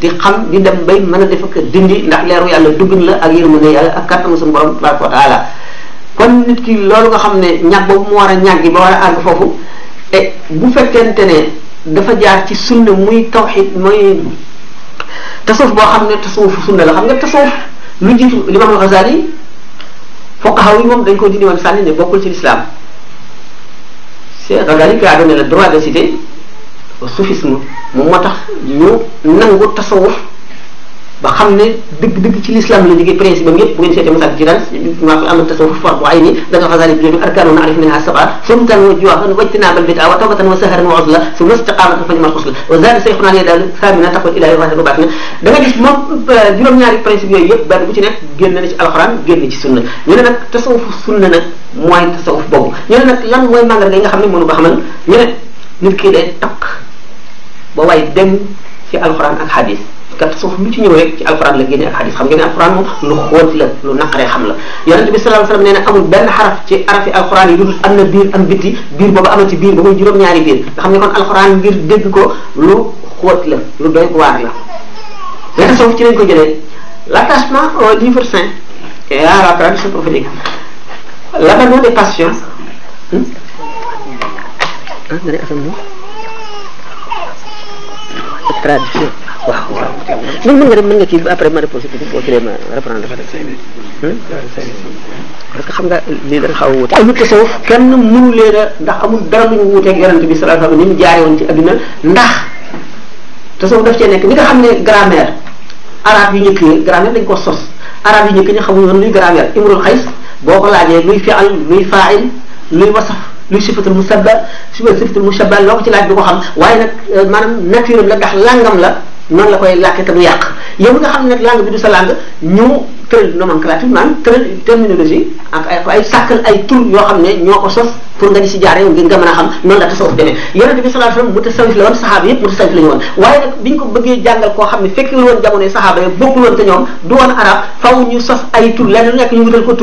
S1: di xam di dem bay mën a def ak dindi ndax leeru yàlla duggun la ak yërmande yàlla ak kattanu suñu borom tabaraka wa kon nit ki loolu nga xam ne ñàkk boobu mu war a ñàggi ba war a àgg foofu e bu fekkente ne dafa jaar ci sunna muy tawxid muy tasawuf boo xam ne tasawuf sunna la xam nga tasawuf lu jiitu Imam al-Ghazali fuqaha yi moom dañ ko dindi woon sànni ne bokkul ci l'islam c'est Ghazali qui a donné le droit soufisme moo tax ñu nangu tasawuf ba xam ne dëgg-dëgg ci l'islam la liggéey principe am yëpp bu ngeen seetee masak jiran maa ko am na tasawuf far bu ay ni da nga xasali bi arkaanu arif minha sab'a sumtan wa juwaan wa ijtinaaban bid'a wa tawbatan wa saharan wa uzla summa istiqaamatan fa ni'mal usla wa zaada sayxunaa li daal saamina taqul ilaahi wa baax na da nga gis moom euh, juróom-ñaari principe yooyu yëpp benn bu ci nekk génn na ci alxuraan génn ci sunna ñu ne nag tasawuf sunna nag mooy tasawuf boobu ñu ne nag lan mooy màngal yi nga xam ne mënu ko xamal ñu ne nit kii day takk ba way dem ci alxuraan ak xadis kat soo lu ci ñëw rek ci alxuraan la génne ak xadis xam ngeen ne alxuraan moom lu xóot la lu naqaree xam la yonente bi sallallahu alayhi wasallam nee na amul benn xaraf ci arafi alxuraan yi dudul am na biir am bitti biir boobu amal ci biir ba muy juróom-ñaari biir nga xam ne kon alxuraan ngir dégg ko lu xóot la lu doy waar la mais tasawuf ci lañ ko jëlee l'attachement au livre saint et la tradition prophétique l'abandon tradition waaw waaw. mën nga mën nga kii après ma reposé tuuti boo kilee ma reprendre. Hmm? parce que xam nga lii da xaw a wuute. ahlu tasawuf kenn mënu leen a ndax amul dara lu ñu wuuteeg yonent bi sa alayhi wasallam ni mu jaare woon ci adduna ndax tasawuf def cee nekk ñi nga xam ne grammaire arabe yu njëkk yi grammaire dañ ko sos arabe yu njëkk ñi xamuñu woon luy grammaire imrul xays boo ko laajee luy fi'al luy fa'il luy wasaf. luy sifatul musabba sifatul musabba loo ko ci laaj du ko xam waaye nag euh, maanaam nature la ndax langam la noonu la koy làkke te du yàq yow mi nga xam ne nag lang bi du sa lang ñu tëral nomenclature terminologie ak ay sàkkal ay tur yoo xam ne ñoo ko sos pour nga di si jaaree ngir nga mën a xam noonu la tasawuf demee yonente bi la woon saxaaba yëpp mutasawif la ñu woon waaye nag bi ñu ko bëggee jàngal koo xam ne fekkul woon jamonoy saxaaba yi bokkul woon te ñoom du woon arab faw ñu sos ay tur lenn lu nekk ñu wutal ko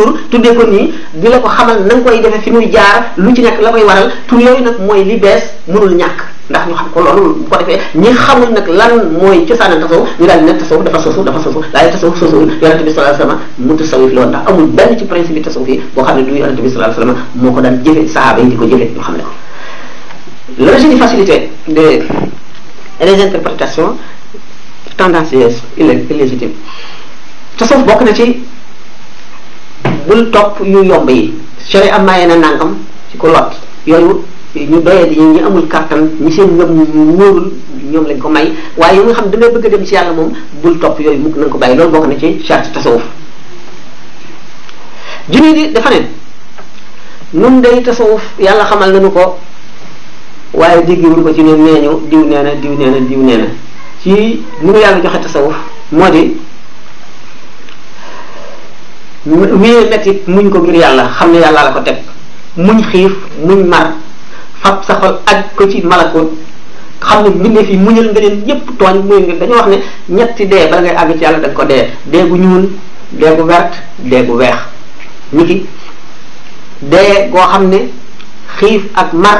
S1: sallallahu alayhi wasallam mutasawif loolu ndax amul benn ci principe yi tasawuf yi boo xam ne du yonente bi ko daan jëfe sahaaba yi di ko jëfe ñu xam ne ko l'origine bokk na ci bul topp yu yomb yi sharia nangam ci ko lot yooyu ñu doyee di ñu amul kàttan ñi seen ngëm ñóorul ñoom lañ ko may waaye yi nga xam dangay bëgg a dem ci yàlla moom bul topp yooyu mukk na ko bàyyi loolu bokk na ci charte tasawuf junni di yàlla xamal nañu ko waaye déggiwul ko ci ne nee ñu diw nee diw nee diw nee na ci nu yàlla joxe tasawuf moo di wéyee metti muñ ko ngir yàlla xam ne yàlla la ko teg muñ xiif muñ mar fab sa xol aj ko ci malakoon xam ne mbindeef yi mu nga leen yépp tooñ muñal nga dañu wax ne ñetti dee bala ngay àgg yàlla da ko dee dee gu ñuul dee gu wert dee gu weex ñi ki dee goo xam ne xiif ak mar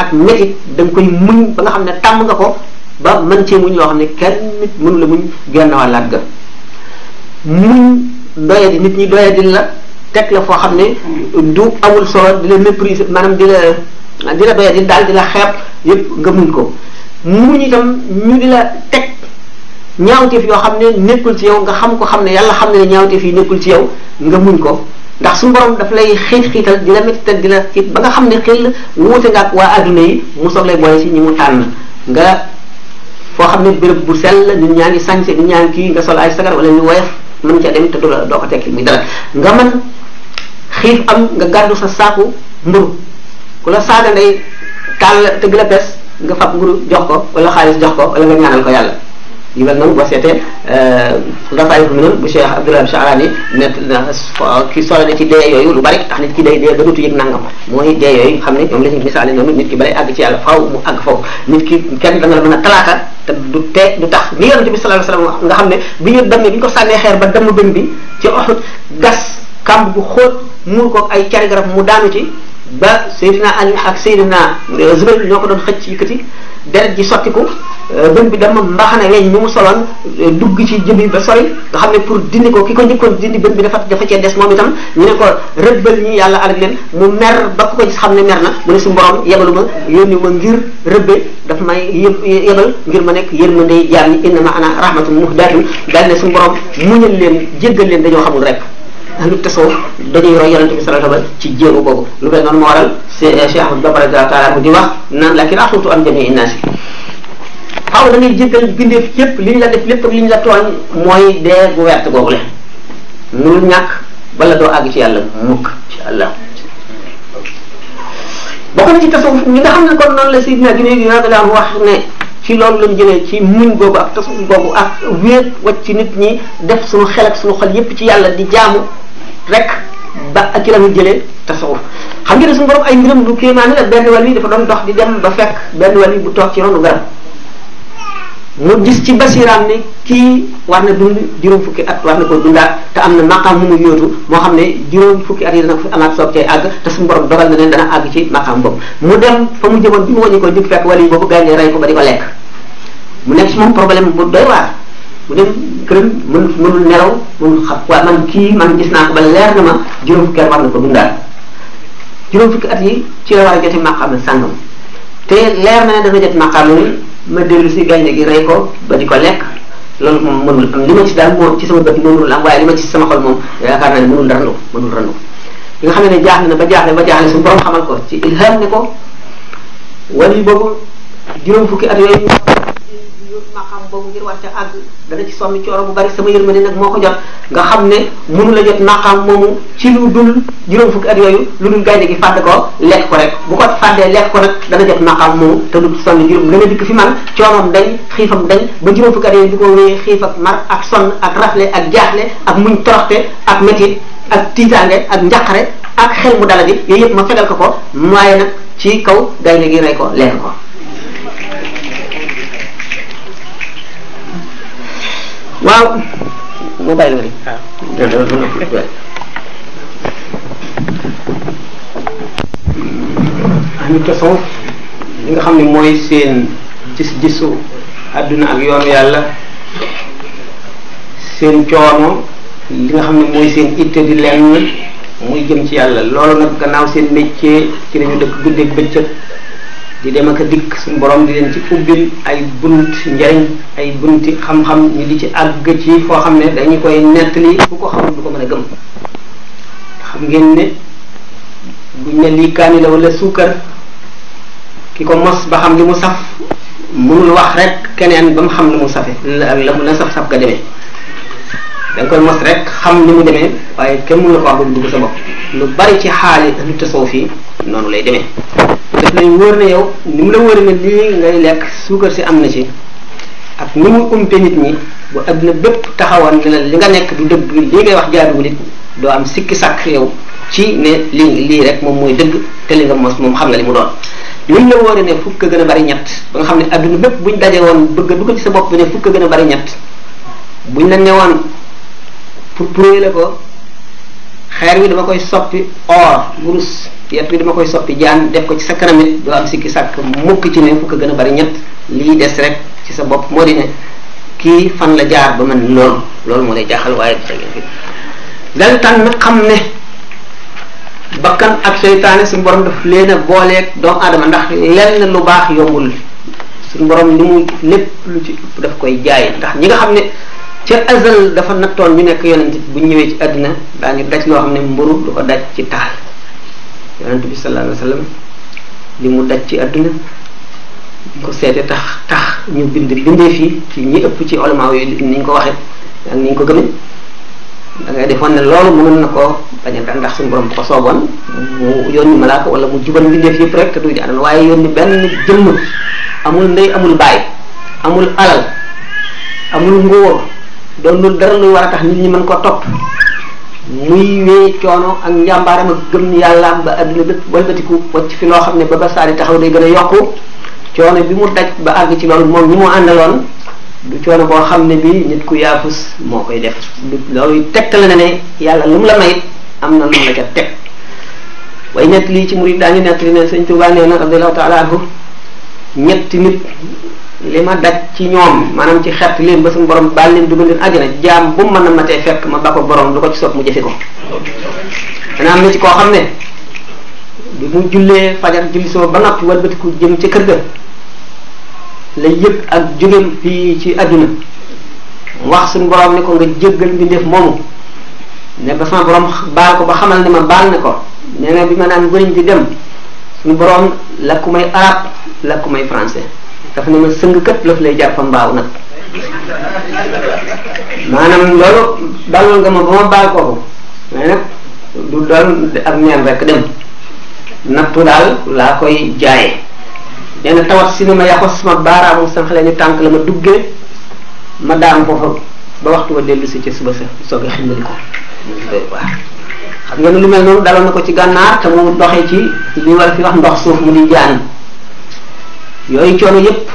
S1: ak metit da nga koy muñ ba nga xam ne tàmm nga ko ba mën cee muñ loo xam ne kenn nit mënu la muñ genn wàllaat ga muñ doyadi nit ñi doyadi la teg la foo xam ne du amul solo di la mépriser maanaam di la di la doya di daal di la xeeb yëpp nga muñ ko muñ itam ñu di la teg ñaawteef yoo xam ne nekkul ci yow nga xam ko xam ne yàlla xam ne ñaawteef yi nekkul ci yow nga muñ ko ndax suñu borom daf lay xiit xiital di la métti di la xiit ba nga xam ne xel wuute nga ak waa adduna yi mu soog lay boole si ñi mu tànn nga foo xam ne béréb bu sell nit ñaa ngi sañse nit ñaa ngi kii nga sol ay sagar wala ñu woyof mën ca dem te du la doo ko tekki muy dara nga mën xiif am nga gàddu sa saaku mburu ku la saaga ndey tàll te gi la pes nga fab nguru jox ko wala xaalis jox ko wala nga ñaanal ko yàlla yu mel noonu boo seetee dafay euh, bu noonu bu Cheikh Abdourahim Chaarani net na ki solo na ci dee yooyu lu bari ndax nit ki day dee ba dootu yëg nangam mooy dee yooyu xam ne ñoom la ñu misaale noonu nit ki balay àgg ci yàlla faaw mu àgg foofu nit ki kenn da nga la mën a talaata du te du tax ni yonente bi sallallahu alayhi wasallam nga xam ne bi ñu demee bi ñu ko sànnee xeer ba demm bëñ bi ci Uhud gas kàmb bu xóot muur ko ay cari garab mu daanu ci ba Seydina Ali ak Seydina Zubayr ñoo ko doon xëcc yëkkati deret ji sottiku euh, bën bi dama mbaxane weñ mi mu soloon euh, dugg ci yi ba sori nga xam ne pour dindi ko ki ko njëkkoon dindi bën bi dafa dafa cee des moom itam ñu ne ko rëbbal ñu yàlla alag leen mu mer ba ku ko gis xam ne mer na mu ne su borom yebalu ma yónni ma ngir rëbbe daf may yebal ngir ma nekk yërmande jaam ñi inna ma ana rahmatun muhdatun daal ne su borom muñal leen jéggal leen dañoo xamul rek ahlu tasawuf dañuy roy yonente bi sallallahu alayhi wasallam ci jéego boobu lu mel noonu moo waral eh, Cheikh Ahmad Bamba taala di wax naan lakin axutu an jamii naasi xaw da ngay la def lépp ak la tooñ mooy dee gu wert googu la mënul ñàkk bala doo àgg ci yàlla mukk ci allah bokk na ci tasawuf ñi nga xam ne kon noonu la Seydina Junayd radiyallahu anhu wax ne ci loolu lañ jëlee ci muñ boobu ak tasawuf boobu ak wéet wacc ci nit ñi def suñu xel ak suñu xol yépp ci yàlla di jaamu rek ba ci la ñu jëlee tasawuf xam ngeen ne suñu borom ay mbiram lu kéemaane la benn wàll yi dafa doon dox di dem ba fekk benn wàll yi bu toog ci ronu garab mu gis ci basiraam ne kii war na dund juróom fukki at war na ko dundaat te am na maqaam mu mu yóotu moo xam ne juróom fukki at yi dana ko fi amaat soog cay àgg te suñu borom dogal na ne dana àgg ci maqaam boobu mu dem fa mu jëmoon bi mu wàññi ko jóg fekk wàll yi boobu gaañ rey ko ba di ko lekk mu nekk moom problème bu doy waar mu dem këram mënul mënul nelaw mënul xam waaye man kii man gis naa ko ba leer na ma juróom fukki at na ko dundaal juróom fukki at yi ci la war a jotee maqaam sàngam te leer na ne dana jot maqaam yi ma dellu si gaynde gi rey ko ba di ko lekk loolu moom mënul am li ma ci daal ci sama bët moom mënul am waaye li ma ci sama xol moom yaakaar naa ne mënul randu mënul randu li nga xam ne jaaxle na ba jaaxle ba jaaxle suñu borom xamal ko ci ilham ne ko wali boobu juróom fukki at yooyu yor maqaam boobu ngir war ca àgg dana ci sonni cooro bu bari sama yërmande nag moo ko jot nga xam ne mënu la jot maqaam moomu ci lu dul juróom fukki at yooyu lu dul gaynde gi fàdd ko lekk ko rek bu ko fàddee lekk ko nag dana jot maqaam moomu te du sonni juróom dana dikk fi man cooroom dañ xiifam dañ ba juróom fukki yooyu di ko wéyee xiif ak mar ak sonn ak rafle ak jaaxle ak muñ toroxte ak métit ak tiitaange ak njaqare ak xel mu dala di yooyu yëpp ma fegal ko ko waaye nag ci kaw gaynde gi rey ko lekk ko waaw ma bàyyi la nga de ñu tasawuf li nga xam ne mooy seen gis-gisu àdduna ak yoonu yàlla seen coono li nga xam ne mooy seen itte di lenn muy jëm ci yàlla loolu nag gannaaw seen métier ci la ñu dëkk guddeeg bëccëg di dem ak dikk suñu borom di leen ci ubbil ay bunt njariñ ay bunti xam-xam ñu di ci àgg ci foo xam ne dañu koy nettali ku ko xamul du ko mën a gëm xam ngeen ne buñ ne lii kaani la wala suukar ki ko mos ba xam li mu saf mënul wax rek keneen ba mu xam la mu safe ak la mu la saf-saf ga demee da nga koy mos rek xam ni mu demee waaye kenn mënu la ko wax ba mu dugg sa bopp lu bari ci xaali ahlu tasawuf fii noonu lay demee daf lay wóor ne yow ni mu la wóor ne lii ngay lekk suukar si am na ci ak ni mu umpe nit ñi bu adduna bépp taxawoon ne la li nga nekk du dëgg li ngay wax doo am sikki sàkk yow ci ne lii lii rek moom mooy dëgg te li nga moom xam nga li mu doon liñ la wóore ne fukk gën a bari ñett ba nga xam ne adduna bépp buñ daje woon bëgg a dugal ci sa bopp bi ne fukk gën a bari ñett buñ la newoon pour prouver la ko xeer wi dama koy soppi or wurus yet wi dama koy soppi jaan def ko ci sa kanam it doo am sikki sàkk mukk ci ne fukk gën a bari ñett lii des rek ci sa bopp moo di ne kii fan la jaar ba man loolu loolu moo lay jaaxal waaye dal tànn xam ne bakkan ak seytaane suñu borom daf leen a booleeg doomu aadama ndax lenn lu baax yombul suñu borom li mu lépp lu ci daf koy jaay ndax ñi nga xam ne ca azal dafa nattoon ñu nekk yonent bu ñëwee ci àddina daañu daj loo xam ne mburu du ko daj ci taal yonent bi sallallahu alayhi li mu daj ci àddina ko seete tax tax ñu bind bindee fii ci ñi ëpp ci ulama yooyu ni ñu ko waxee ak ni ñu ko gëmee da ngay defoon ne loolu mënoon na ko bañ a daan ndax suñu borom bu ko sooboon mu yónni malaaka wala mu jubal mbindeef yëpp rek te du jaaroon waaye yónni benn jëmm amul ndey amul baay amul alal amul nguur doonul dara luy war a tax nit ñi mën koo topp muy wee coono ak njàmbaaram ma gëm yàlla yàllaam ba àdduna bépp walbatiku wacc fi loo xam ne ba ba taxaw day gën a yokku coono bi mu daj ba àgg ci loolu moom ñi mu àndaloon du coono boo xam ne bi nit ku yaafus moo koy def loolu tegtal na ne yàlla lu mu la may am na lu mu la ca teg waaye nett lii ci mu daa ngi nett li ne sëñ Tuubaa na radiyallahu taala anhu ñetti nit li ma daj ci ñoom maanaam ci xet leen ba suñ borom baal leen dugal leen àjjana jaam bu mu mën a matee fekk ma ko borom du ko ci sopp mu ko dana am ci koo xam ne bi mu jullee ba noppi jëm ci kër ga la ak jógem fii ci àdduna wax suñu borom ne ko nga jéggal mbindeef moomu ne ba sama borom baal ko ne ma baal na ko nee na bi ma naan bëriñ di dem suñu borom la ku may arab la ku may français daf ne ma sëng këpp laf lay jar fa mbaaw nag maanaam loolu dalal nga ma ba ma baal kooku mais nag doon ak ñaan rek dem nattu daal laa koy jaayee nee tawat si ni ma yaxos sama baaraamu sànqale ni tànk la ma duggee ma daan foofa ba waxtu wa dellu si ca suba sa soog a xindali ko xam nga ne lu mel noonu daloon na ko ci gànnaar te mu doxee ci li war fi wax ndox suuf mu di jaan yooyu coono yépp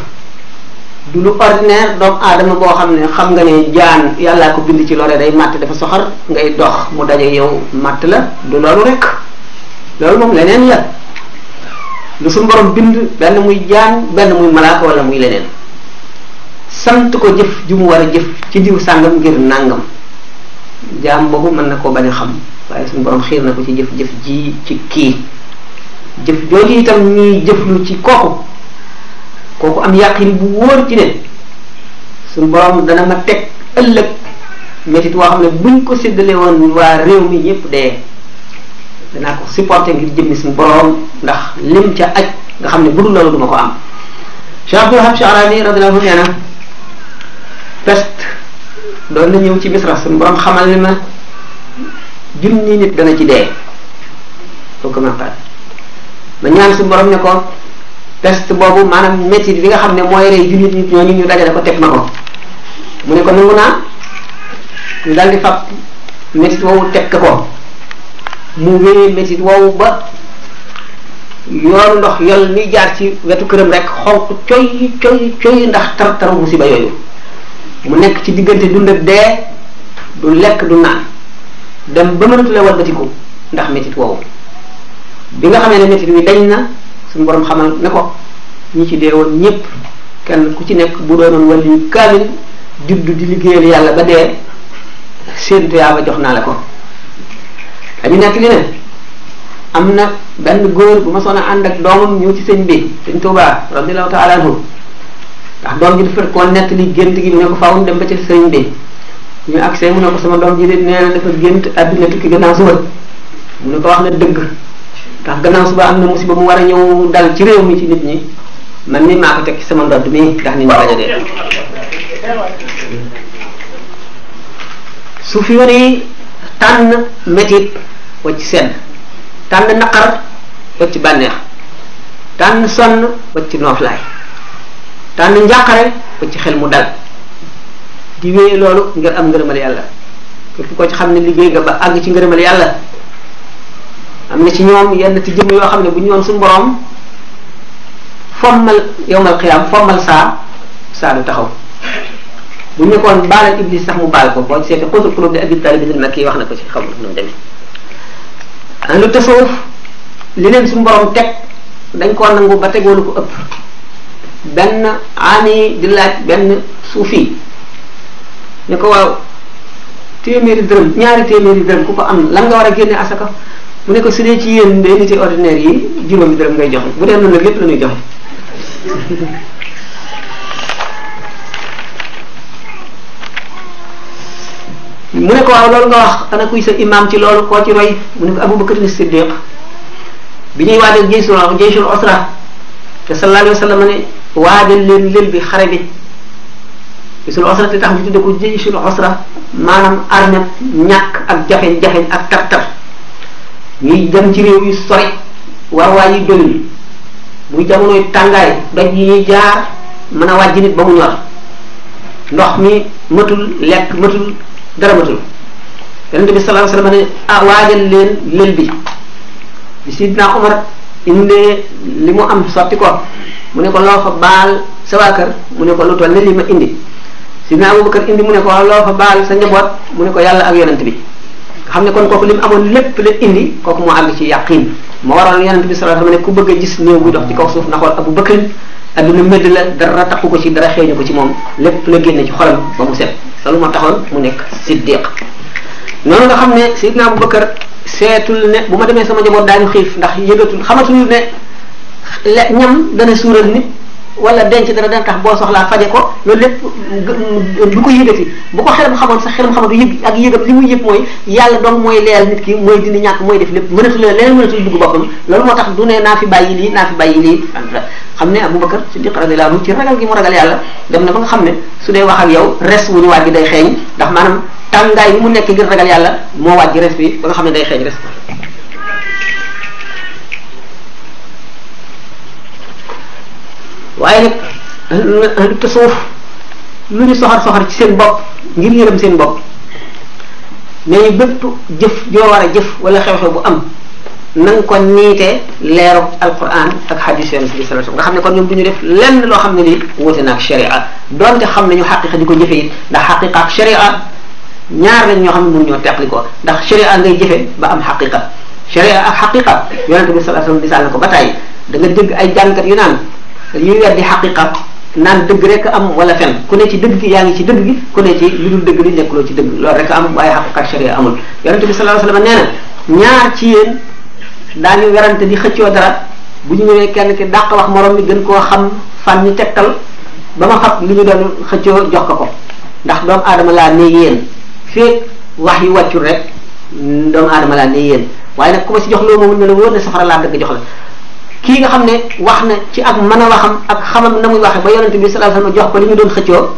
S1: du lu ordinaire doomu aadama boo xam ne xam nga ne jaan yàllaa ko bind ci lore day matt dafa soxar ngay dox mu daje yow màtt la du loolu rek loolu moom leneen la lu suñu borom bind benn muy jaan benn muy malaaka wala muy leneen sant ko jëf ju mu war a jëf ci diw sàngam ngir nàngam jaam boobu mën na ko bañ xam waaye suñu borom xiir na ko ci jëf jëf ji ci kii jëf jooju itam ñuy jëflu ci kooku kooku am yàqin bu wóor ci ne borom dana ma teg ëllëg métit woo xam ne buñ ko séddale woon waa réew mi ñëpp dee danaa ko supporté ngir jëmmi suñ borom ndax lim ca aj nga xam ne bu dul loolu duma ko am Cheikh Abdul Wahab Sha'rani radiyallahu anhu nee na doon na ñëw ci Misra suñ borom xamal ni ma junni dana ci dee foo ko ma ñaan suñ borom ne ko peste boobu maanaam métti bi nga xam ne mooy rey jullit nit ñooñu ñu dajale ko teg ma ko mu ne ko nangu naa ñu daal fab métit woowu teg ko mu wéyee métit woowu ba yoonu ndox yol ni jaar ci wetu këram rek xonq coy coy coy ndax tar tar musiba yooyu mu nekk ci diggante dund ak dee du lekk du naan dem ba mënatu la walbatiku ndax métit woowu bi nga xamee ne métit wi dañ na suñu borom xamal ne ko ñi ci dee woon ñëpp kenn ku ci nekk bu doonoon wàllu yu kaamil juddu di liggéeyal yàlla ba dee seen tuyaaba jox naa la ko dañu nekk li ne am na benn góor bu ma soon a ànd ak ci sëñ bi sëñ Tuubaa radiyallahu taala anhu ndax doom ji dafa koo nett li gént gi mu ne ko faaw dem ba ci sëñ bi ñu agsee mu ne ko sama doom ji de nee na dafa gént àdduna tukki gannaaw suba mu ne ko wax na dëgg ndax gannaaw suba am na musiba mu war a ñëw dal ci réew mi ci nit ñi man mi maa ko teg ci sama ndodd mi ndax nit ñi bañ su fi yi tànn métit wacc sedd tànn naqar wacc bànneex tànn sonn wacc nooflaay tànn njàqare wacc xel mu dal di wéye loolu ngir am ngërëmal yàlla képp ko ci xam ne liggéey nga ba àgg ci ngërëmal yàlla am na ci ñoom yenn ti jëmm yoo xam ne bu ñu woon suñu borom fommal yowmal xiyaam fommal saa saa du taxaw bu ñu nekkoon sax mu baal ko boo seetee xóotul xulub di abi talib ibn makki wax na ko ci xamul nu mu lu tasawuf li leen suñu borom teg dañ koo nangu ba tegoon ko ëpp benn aani di laaj benn suufi ñu ko waaw téeméeri dërëm ñaari téeméeri dërëm ku ko am lan nga war a génne asaka. mu ne ko su dee ci yéen de nit yi ordinaire yi juróomi dërëm ngay joxe bu ñuy joxe loolu nga wax ana kuy sa imam ci loolu koo ci roy mu ne ko Abubakar Siddiq bi ñuy waajal jaysul jaysul osra te sa alayhi wa sallam ne waajal leen lël bi xare bi jaysul osra te tax ñu tudde ko jaysul osra maanaam ñàkk ak jafe-jafe ak tar-tar ñuy jëm ci réew yu sori warwaay yi doyul muy jamonoy tàngaay doj yi ñuy jaar mën a wàjj nit ba mu ñor ndox mi mëtul lekk matul dara matul yonente bi sallallahu alayhi wasallam ne ah waajal Umar indee li mu am sotti ko mu ne ko loo fa baal sa waa kër mu ne ko lu toll ne li ma indi sidna Abubakar indi mu ne ko loo fa baal sa njaboot mu ne ko yàlla ak yonent bi xam ne kon kooku li mu amoon lépp la indi kooku moo àgg ci yaqin moo waral yonente bi sallallahu alayhi wasallam ne ku bëgg a gis néew buy dox ci kaw suuf na xool Abu Bakr adduna médd la dara taqu ko ci dara xeeñu ko ci moom lépp la génne ci xolam ba mu set loolu moo taxoon mu nekk siddiq noonu nga xam ne Seydina Abu Bakr seetul ne bu ma demee sama njaboot daañu xiif ndax yëgatul xamatul ne ñam dana suural nit wala denc dara dana tax boo soxlaa faje ko loolu lépp du ko yëgati bu ko xelam xamoon sax xelam xamoon yëg ak yëgat li muy yëg mooy yàlla dong mooy leeral nit ki mooy dindi ñàkk mooy def lépp mënatu la leneen mënatul dugg boppam loolu moo tax du ne naa fi bàyyi lii naa fi bàyyi lii xam ne Abubakar Siddiq radiyallahu anhu ci ragal gi mu ragal yàlla dem na ba nga xam ne su dee wax ak yow res wu ñu waaj bi day xeeñ ndax maanaam tàngaay bi mu nekk ngir ragal yàlla moo waaj res bi ba nga xam ne day xeeñ res waaye nag ahlu eh, tasawuf lu ñu soxor soxor ci seen bopp ngir yërëm seen bopp mais bépp jëf joo war a jëf wala xew-xew bu am na nga ko niitee leeru alquran ak hadis yonent bi sallallahu alayhi wasallam nga xam ne kon ñoom du ñu def lenn loo xam ne lii wute na ak sharia doonte xam nañu xaqiqa di ko jëfe ndax xaqiqa ak sharia ñaar lañ ñoo xam ne mun ñoo teqli ko ndax sharia ngay jëfe ba am xaqiqa sharia ak xaqiqa yonent bi sallallahu ko ba tàyyi da nga dégg ay jàngat yu naan ñuy weddi xaqiqa naan dëgg rek am wala fen ku ne ci dëgg gi yaa ngi ci dëgg gi ku ne ci lu dul dëgg li nekkuloo ci dëgg loolu rek am waaye xaqiqa sharia amul yonente bi sallallahu alayhi wasallam nee ñaar ci yéen daañu werante di xëccoo dara bu ñu ñëwee kenn ki dàq wax morom mi gën koo xam fan ñu tegtal ba ma xam li ñu doon xëccoo jox ko ko ndax doomu aadama laa ne yéen feeg wax yu wàccul rek doomu aadama laa ne yéen waaye nag ku ma si jox loo moomul ne la wóor ne safara laa dëgg jox la kii nga xam ne wax na ci ak mana a waxam ak xamam na muy waxe ba yonente bi sallallahu alayhi jox ko li ñu doon xëccoo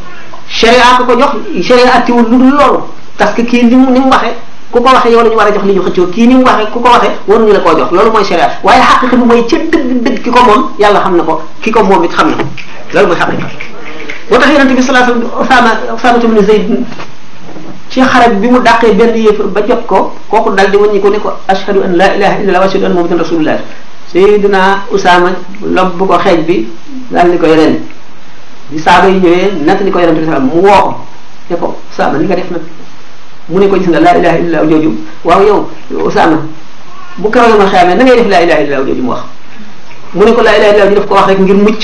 S1: sharia ko ko jox sharia attiwul lu loolu parce que kii ni mu ni mu waxe ku ko waxe yow ñu war a jox li ñu xëccoo kii ni mu waxe ku ko waxe waruñu la koo jox loolu mooy sharia waaye xaqiqa bi mooy ca dëgg ki ko moom yàlla xam na ko ki ko moom it xam na ko loolu mooy xaqiqa boo tax yonente bi sallallahu bi mu dàqee benn yéefar ba jot ko kooku dal di wàññi ko ne ko ashhadu an la ilaha illallah wa ashhadu anna muhammadan rasulullah Seydina Usaama lob bu ko xeej bi daal di ko ren di saaba yi ñëwee naka li koy ren bi mu woo ko ne ko Usaama li nga def nag mu ne ko gis nga laa ilaha illallah jooju waaw yow Usaama bu kaw ma xeamee na ngay def laa ilaha illallah mu wax mu ne ko laa ilaha illallah jooju daf ko wax rek ngir mucc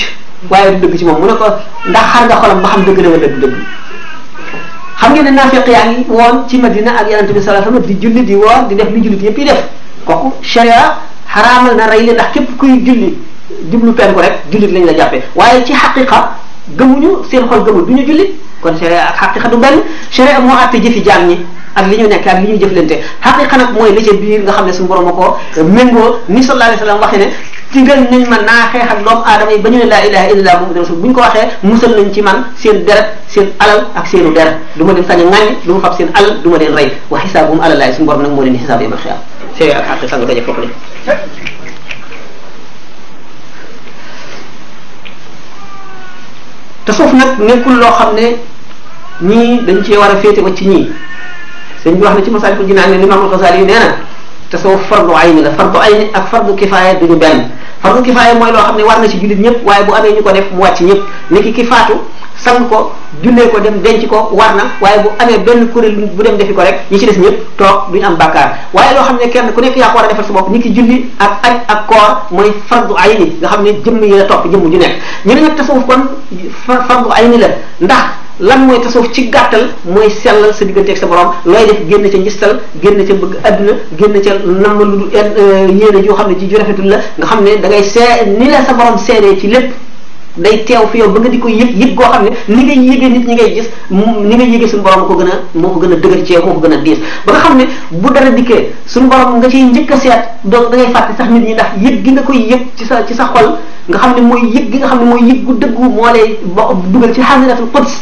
S1: waaye du dëgg ci moom mu ne ko ndax xar nga xolam ba xam dëgg la wala dëgg dëgg xam ngeen ne naafiq yaa ngi woon ci Madina ak Yonent bi sallallahu alayhi di julli di woor di def li jullit yëpp yi def kooku sharia xaraamal na rey li ndax képp kuy julli jublu penku rek jullit lañ la jàppee waaye ci xaqiqa gëmuñu seen xol gëmul du ñu jullit kon sharia ak xaqiqa du benn sharia moo ñi ak li ñu nekk ak li ñu jëflante xaqiqa nag mooy li ca biir nga xam ne suñu borom ko méngoo ni sallallahu alayhi wasallam waxe ne digal nañ ma naa xeex ak doomu aadama yi ba ñu ne laa ilaha illallah muhammadur rasul bu ñu ko seen deret seen alal ak seenu du ma leen sañ a ŋàññ du ma ma leen rey wa xisaabum alallahi suñu borom nag moo leen di xisaab yawmal xiyaama feewe ak xàq sang daje te suuf nag nekkul loo xam ne ñii dañ cee war a féete ba ci ñii sëñ bi wax na ci Masaalikul Jinaan ne Limaamul Xasaali yi nee tasawuf fardu ayni la fardu ayni ak fardu kifaaya duñu benn fardu kifaaya mooy loo xam ne war na ci jullit ñëpp waaye bu amee ñu ko def mu wàcc ñëpp niki ki faatu sang ko jullee ko dem denc ko war na waaye bu amee benn kuréel bu dem defi ko rek ñi ci def ñëpp toog duñu am bàkkaar waaye loo xam ne kenn ku nekk yaa ko a defal sa bopp niki julli ak aj ak koor mooy fardu ayni nga xam ne jëmm yi la topp jëmm ju nekk ñu ne nag tasawuf kon fardu ayni la ndax lan mooy tasawuf ci gàttal mooy sellal sa diggante sa borom looy def génn ca njistal génn ca bëgg adduna génn ca nam lu euh, yéene joo xam ne ji ju rafetul la nga xam ne da ngay see ni la sa borom seedee ci lépp day teew fi yow ba nga di ko yëg yëg goo xam ne ni ngay yëgee nit ñi ngay gis ni ngay yëgee suñu borom ko gën moo ko gën a dëgër ci yow gën a diis ba xam ne bu dara dikkee suñu borom nga ciy njëkk a seet donc da ngay fàtte sax nit ñi ndax yëg gi nga koy yëg ci sa ci sa xol nga xam ne mooy yëg gi nga xam ne mooy yëg gu dëggu moo lay dugal ci xaaniratul quds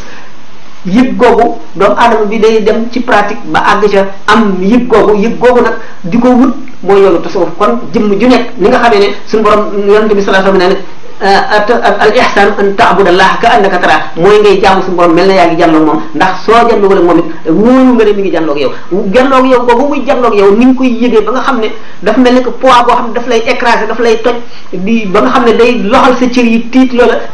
S1: yëg googu doomu aadama bi day dem ci pratique ba àgg ca am yëg googu yëg googu nag di ko wut mooy yoonu tasawuf kon jëmm ju nekk ni nga xamee ne suñu borom yonente bi sallallahu alayhi wasallam ne Euh, al ihsan an ta'budu allah ka annaka tara mooy ngay jaamu mel na yaa moom ndax soo jàlloog ak ngi jàlloog yow jàlloog yow boobu muy jàlloog koy yëgee ba nga xam ne daf mel ni que poids boo xam ne daf lay écraser daf lay toj di ba xam ne day loxal sa cër yi tiit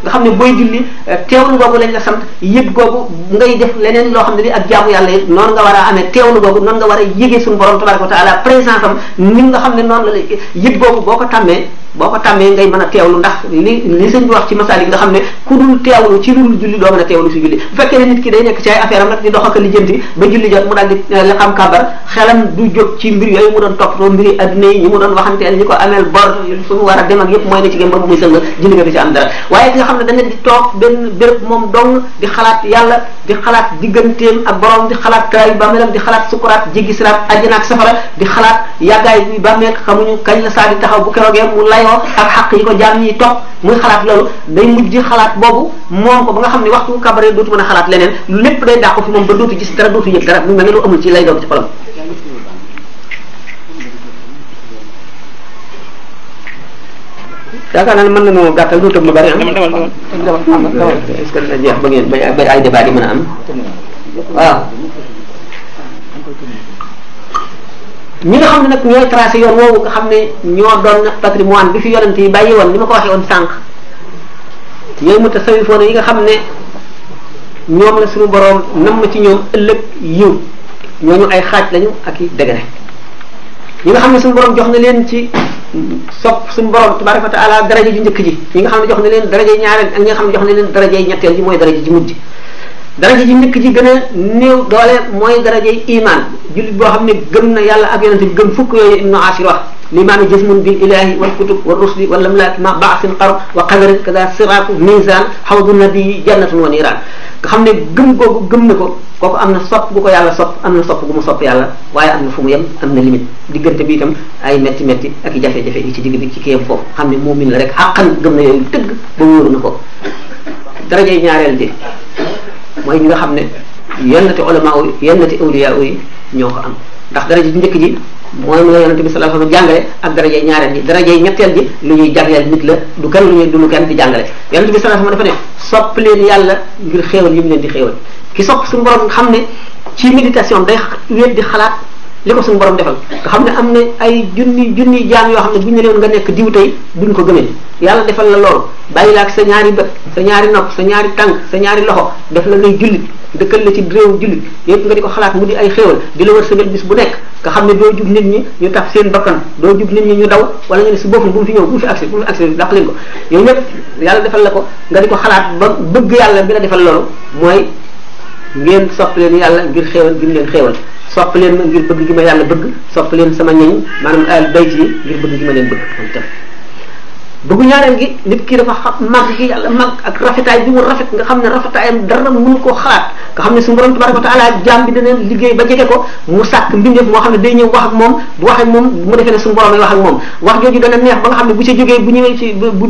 S1: xam ne booy julli euh, teewlu googu lañ la sant yëg googu ngay def leneen loo xam ne di ak jaamu yàlla it noonu nga war a amee teewlu googu noonu nga war a yëgee suñu borom tabaraka wa taala présence am ni nga xam ne noonu la yëg googu boo ko tàmmee boo ko tàmmee ngay mën a teewlu ndax li li sëñ bi wax ci masaalik nga xam ne ku dul teewlu ci dul julli doo mën a teewlu si julli bu fekkee ne nit ki day nekk ci ay affaire am dox ak lijjanti ba julli jot mu daal di eh, la xam kàbbar xelam du jóg ci mbir yooyu mu doon toppatoo mbiri adduna yi ñi mu doon waxanteel ameel bor suñu war a dem ak yëpp mooy ne ci gém ba bu muy sënga julli nga du ci am dara waaye ki xam ne dana di toog benn béréb moom dong di xalaat yàlla di xalaat digganteem la muy xalaat loolu day mujj xalaat boobu moom ko ba nga xam ne waxtu kabare dootu mën a xalaat leneen lépp day dàqu fi moom ba dootu gis dara dootu yëg dara mu mel ne lu amul ci lay doon ci xolam yaakaar ne mën nañoo gàttal lu tëb bari am dawal dawal dawal est-ce que dina jeex ay débat yi mën a am waaw ñi nga xam ne nag ñooy tracé yoon woowu nga xam ne ñoo doon patrimoine bi fi yonent yi bàyyi woon ni ma ko waxee woon sànq yooyu mu tasawifoon yi nga xam ne ñoom la suñu boroom nam ci ñoom ëllëg yiw ñoo ñu ay xaaj lañu ak i degré ñi nga xam ne suñu boroom jox na leen ci sopp suñu boroom tabaraka wa taala daraja ju njëkk ji ñi nga xam ne jox na leen daraja ñaareel ak ñi nga jox na leen daraja ñetteel ji mooy daraja ji mujj daraja ji njëkk ji gën a néew doole mooy darajay iman jullit boo xam ne gëm na yàlla ak yonente bi gëm fukk yooyu ibnu asir wax limaami jismun bil ilahi wal kutub wal rusli wal amlaak ma baasin xar wa qadari kada siraatu misan xawdu nabii jannatun wa niiraan nga xam ne gëm googu gëm na ko kooku am na sopp gu ko yàlla sopp am na sopp gu mu sopp yàlla waaye am na fu mu yem am na limite diggante bi itam ay métti métti ak jafe-jafe yi ci digg bi ci kéem foofu xam ne moomin la rek xàqan gëm na yooyu dëgg ba wóoru na ko darajay ñaareel ji mooy ñi nga xam ne yennati ulama yi yennati awliya yi ñoo ko am ndax daraja ji njëkk ji mooy la yonent bi sallallahu alayhi wasallam jàngale ak darajey ñaareel ji yi ñetteel ji lu ñuy jagleel nit la du kenn lu ñuy du lu kenn di jàngale yonent bi sallallahu alayhi wasallam dafa ne sopp leen yàlla ngir xéewal yi mu leen di xéewal ki sopp suñu borom xam ne ci méditation day wéet di xalaat li ko suñu borom defal nga xam ne am na ay junni junni jaam yoo xam ne bu ñu leen nga nekk diw tey duñ ko gëmee yàlla defal la lool bàyyi la ak sa ñaari bët sa ñaari nopp sa ñaari tànk sa ñaari loxo def la ngay jullit dëkkal la ci réew jullit yépp nga di ko xalaat mu di ay xéewal di la wërsëgal bis bu nekk nga xam ne doo jug nit ñi ñu tax seen bakkan doo jug nit ñu daw wala nga si boofu bu mu ñëw bu mu bu mu fi accès dàq leen yooyu yépp yàlla defal la ko nga di ko xalaat ba bëgg yàlla bi la defal loolu mooy ngeen sopp leen yàlla ngir xéewal ngir leen xéewal sopp leen ma ngir bëgg gi ma yàlla bëgg sopp leen sama ñeñ maanaam al bayt yi ngir bëgg gi ma leen bëgg moom itam bëggu ñaareel gi nit ki dafa xam màgg gi yàlla màgg ak rafetaay bi mu rafet nga xam xam ne suñu borom tabaraka wa taala jaam bi dana liggéey ba jege ko mu sàkk mbindeef moo xam ne wax ak moom bu waxee moom mu moom wax jooju dana neex xam ne bu ci jógee bu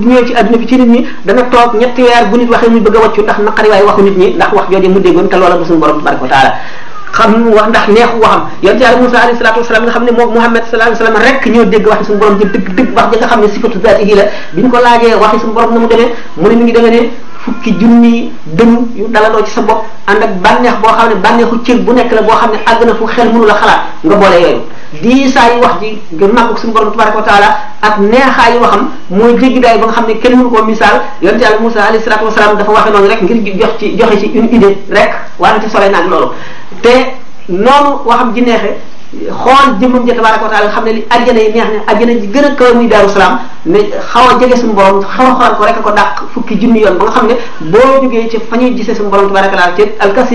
S1: dana toog ñetti weer bu nit waxee a wàccu ndax naqari waay waxu nit ñi ndax wax jooju mu déggoon te loola ba suñu borom tabaraka wa taala xam lu mu wax ndax neexu waxam yonent yàlla Musa alayhi salatu wasalam nga xam ne moom Muhammad sallallahu alayhi wasallam rek ñoo dégg waxi suñu borom ji dëgg dëgg wax ji nga xam ne sifatu zaati yi la bi ñu ko laajee waxi suñu borom na mu demee mu ne mi ngi demee ne fukki junni dënn yu dalaloo ci sa bopp ànd ak bànneex boo xam ne bànneexu cër bu nekk la boo xam ne àgg na fu xel mënu la xalaat nga boole yooyu diisaayu wax ji nga màggu suñu borom tabaraka wa taala ak neexaayu waxam mooy jéggi daay ba nga xam ne kenn mënu koo misaal yonent yàlla Musaa alayhi salaatu wasalaam dafa waxe noonu rek ngir jox ci joxe ci une idée rek wante sore naag loolu te noonu waxam ji neexe xool jëmmam a kaw a jege a xool ko rek ko dàq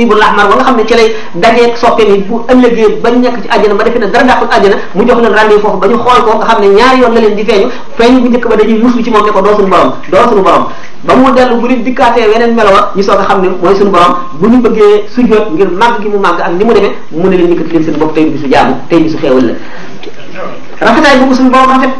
S1: boo xam ne ci lay dajeeg ne dara dàqul àjjana mu jox ba ñu xool ko ne ñaari yoon la leen di ci moom ne ko doo suñu borom doo suñu borom ba mu dellu bu nit dikkaatee weneen melowa ñu soog a xam ne mooy suñu borom bu ñu bëggee sujjoot ngir màgg gi mu màgg ak ni mu demee mu ne leen yëkkati leen seen bopp tey bisu jaam jaamu tey bisu xéewal la rafetaay boobu suñu borom rafet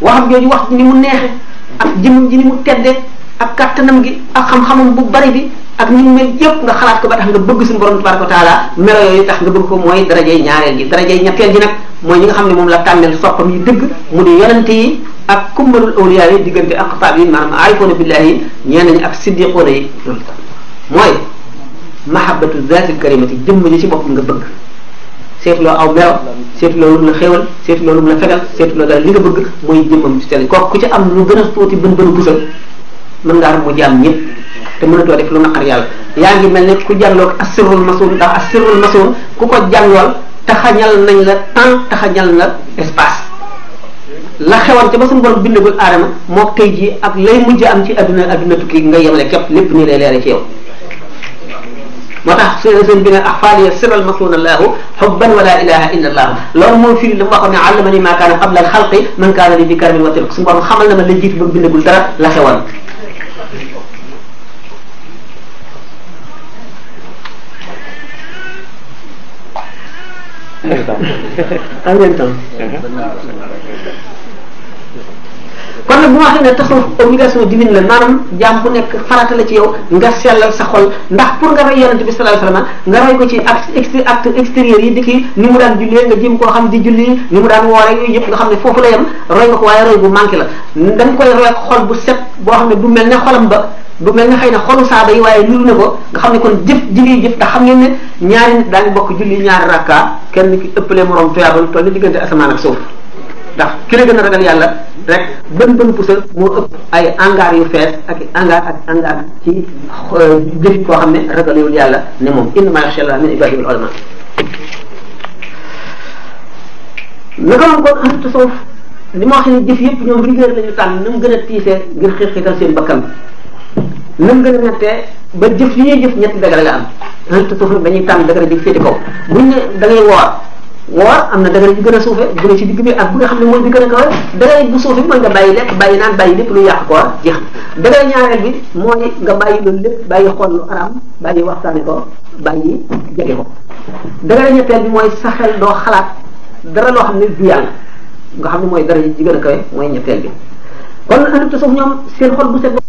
S1: waxam jooju wax ni mu neexe ak jëmm ji ni mu tedde ak kattanam gi ak xam-xamam bu bari bi ak ni mu mel yëpp nga xalaat ko ba tax nga bëgg suñu borom tabaraka wa taala melo tax nga bëgg ko mooy darajey ñaareel ji darajey ñetteel ji nag mooy ñi nga xam ne moom la tànneel soppam yi dëgg mu di yonente yi ak kummalul awliya diggante ak xataab yi maanaam aarifoona billahi yi ñi nañu ak siddiqoona yi loolu mooy mahabbatu zatil karimati jëmm ji ci boppam nga bëgg seetuloo aw meew seetuloo lu mu la xéwal seetuloo lu mu la fegal seetuloo daal li nga bëgg mooy jëmmam ci tele kooku ku ci am lu gën a tuuti bën bën pusal mën ngaa ru mu jaam ñëpp te mënatoo def lu naqar yàlla yaa ngi mel ne ku jàlloog asirul masuun ndax asirul masuun ku ko jàllool taxañal nañ la temps taxañal na espace la xewoon ca ba suñu borom bindagul aadama moo tey jii ak lay mujj am ci adduna adduna tukki nga yemale képp lépp nii lay leere ci yow moo tax sëñ bi ne ahfaaliya siral masuna allahu hubban wa la ilaha illa allah loolu mooy firi la waxoon ne allama ni ma kaana qabla al xalqi man kaana li bi karmin wa tilk suñu borom xamal na ma la jiitu ba mu bindagul dara la xewoon en même temps kon nag bu ma waxee ne tasawuf obligation divine la maanaam jaam bu nekk farata la ci yow nga sellal sa xol ndax pour nga roy yonente bi sallallahu alayhi wasallam nga roy ko ci acte acte extérieur yi di ki ni nga jëm koo xam di julli ni mu daan woore yooyu yëpp nga xam ne foofu la yem roy nga la da nga koy roy xol boo xam ne du mel ne xolam ba du mel ne xëy na xolu saaba yi waaye lulu na ko xam ne kon jëf ji ngay xam ngeen ne ñaari nit daañu bokk julli ñaari rakka kenn ki ëppalee morom tuyaaba lu toll ni diggante asamaan ak suuf ndax ki la gën a ragal yàlla rek bën bën pusa moo ëpp ay angaar yu fees ak angaar ak angaar ci euh, jëf koo xam ne ragalewul yàlla ne moom innama yaxsha allah min ibadihi al ulama naka moom kon ahlu tasawuf li ma wax jëf yëpp ñoom rigueur la ñu tànn na mu gën a tiisee ngir xiirxiital seen bakkan na mu gën a mettee ba jëf li ñuy jëf ñetti dagara la am ahlu tasawuf dañuy tànn dagara ji féete kaw buñ ne da ngay woor am na dagana yu gën a suufe bu ne digg bi ak bu nga xam ne mooy bi gën a kawe dagana bu suufe bi mooy nga bàyyi lekk bàyyi naan bàyyi lépp lu yàq ko jeex na dagana bi mooy nga bàyyi loolu lépp bàyyi xool lu araam bàyyi waxtaane ko bàyyi jege ko dagana ñetteel bi mooy sa xel doo xalaat dara loo xam ne du yàlla nga xam ne mooy dara ji gën a kawe mooy ñetteel bi kon anam tasawuf ñoom seen xol bu set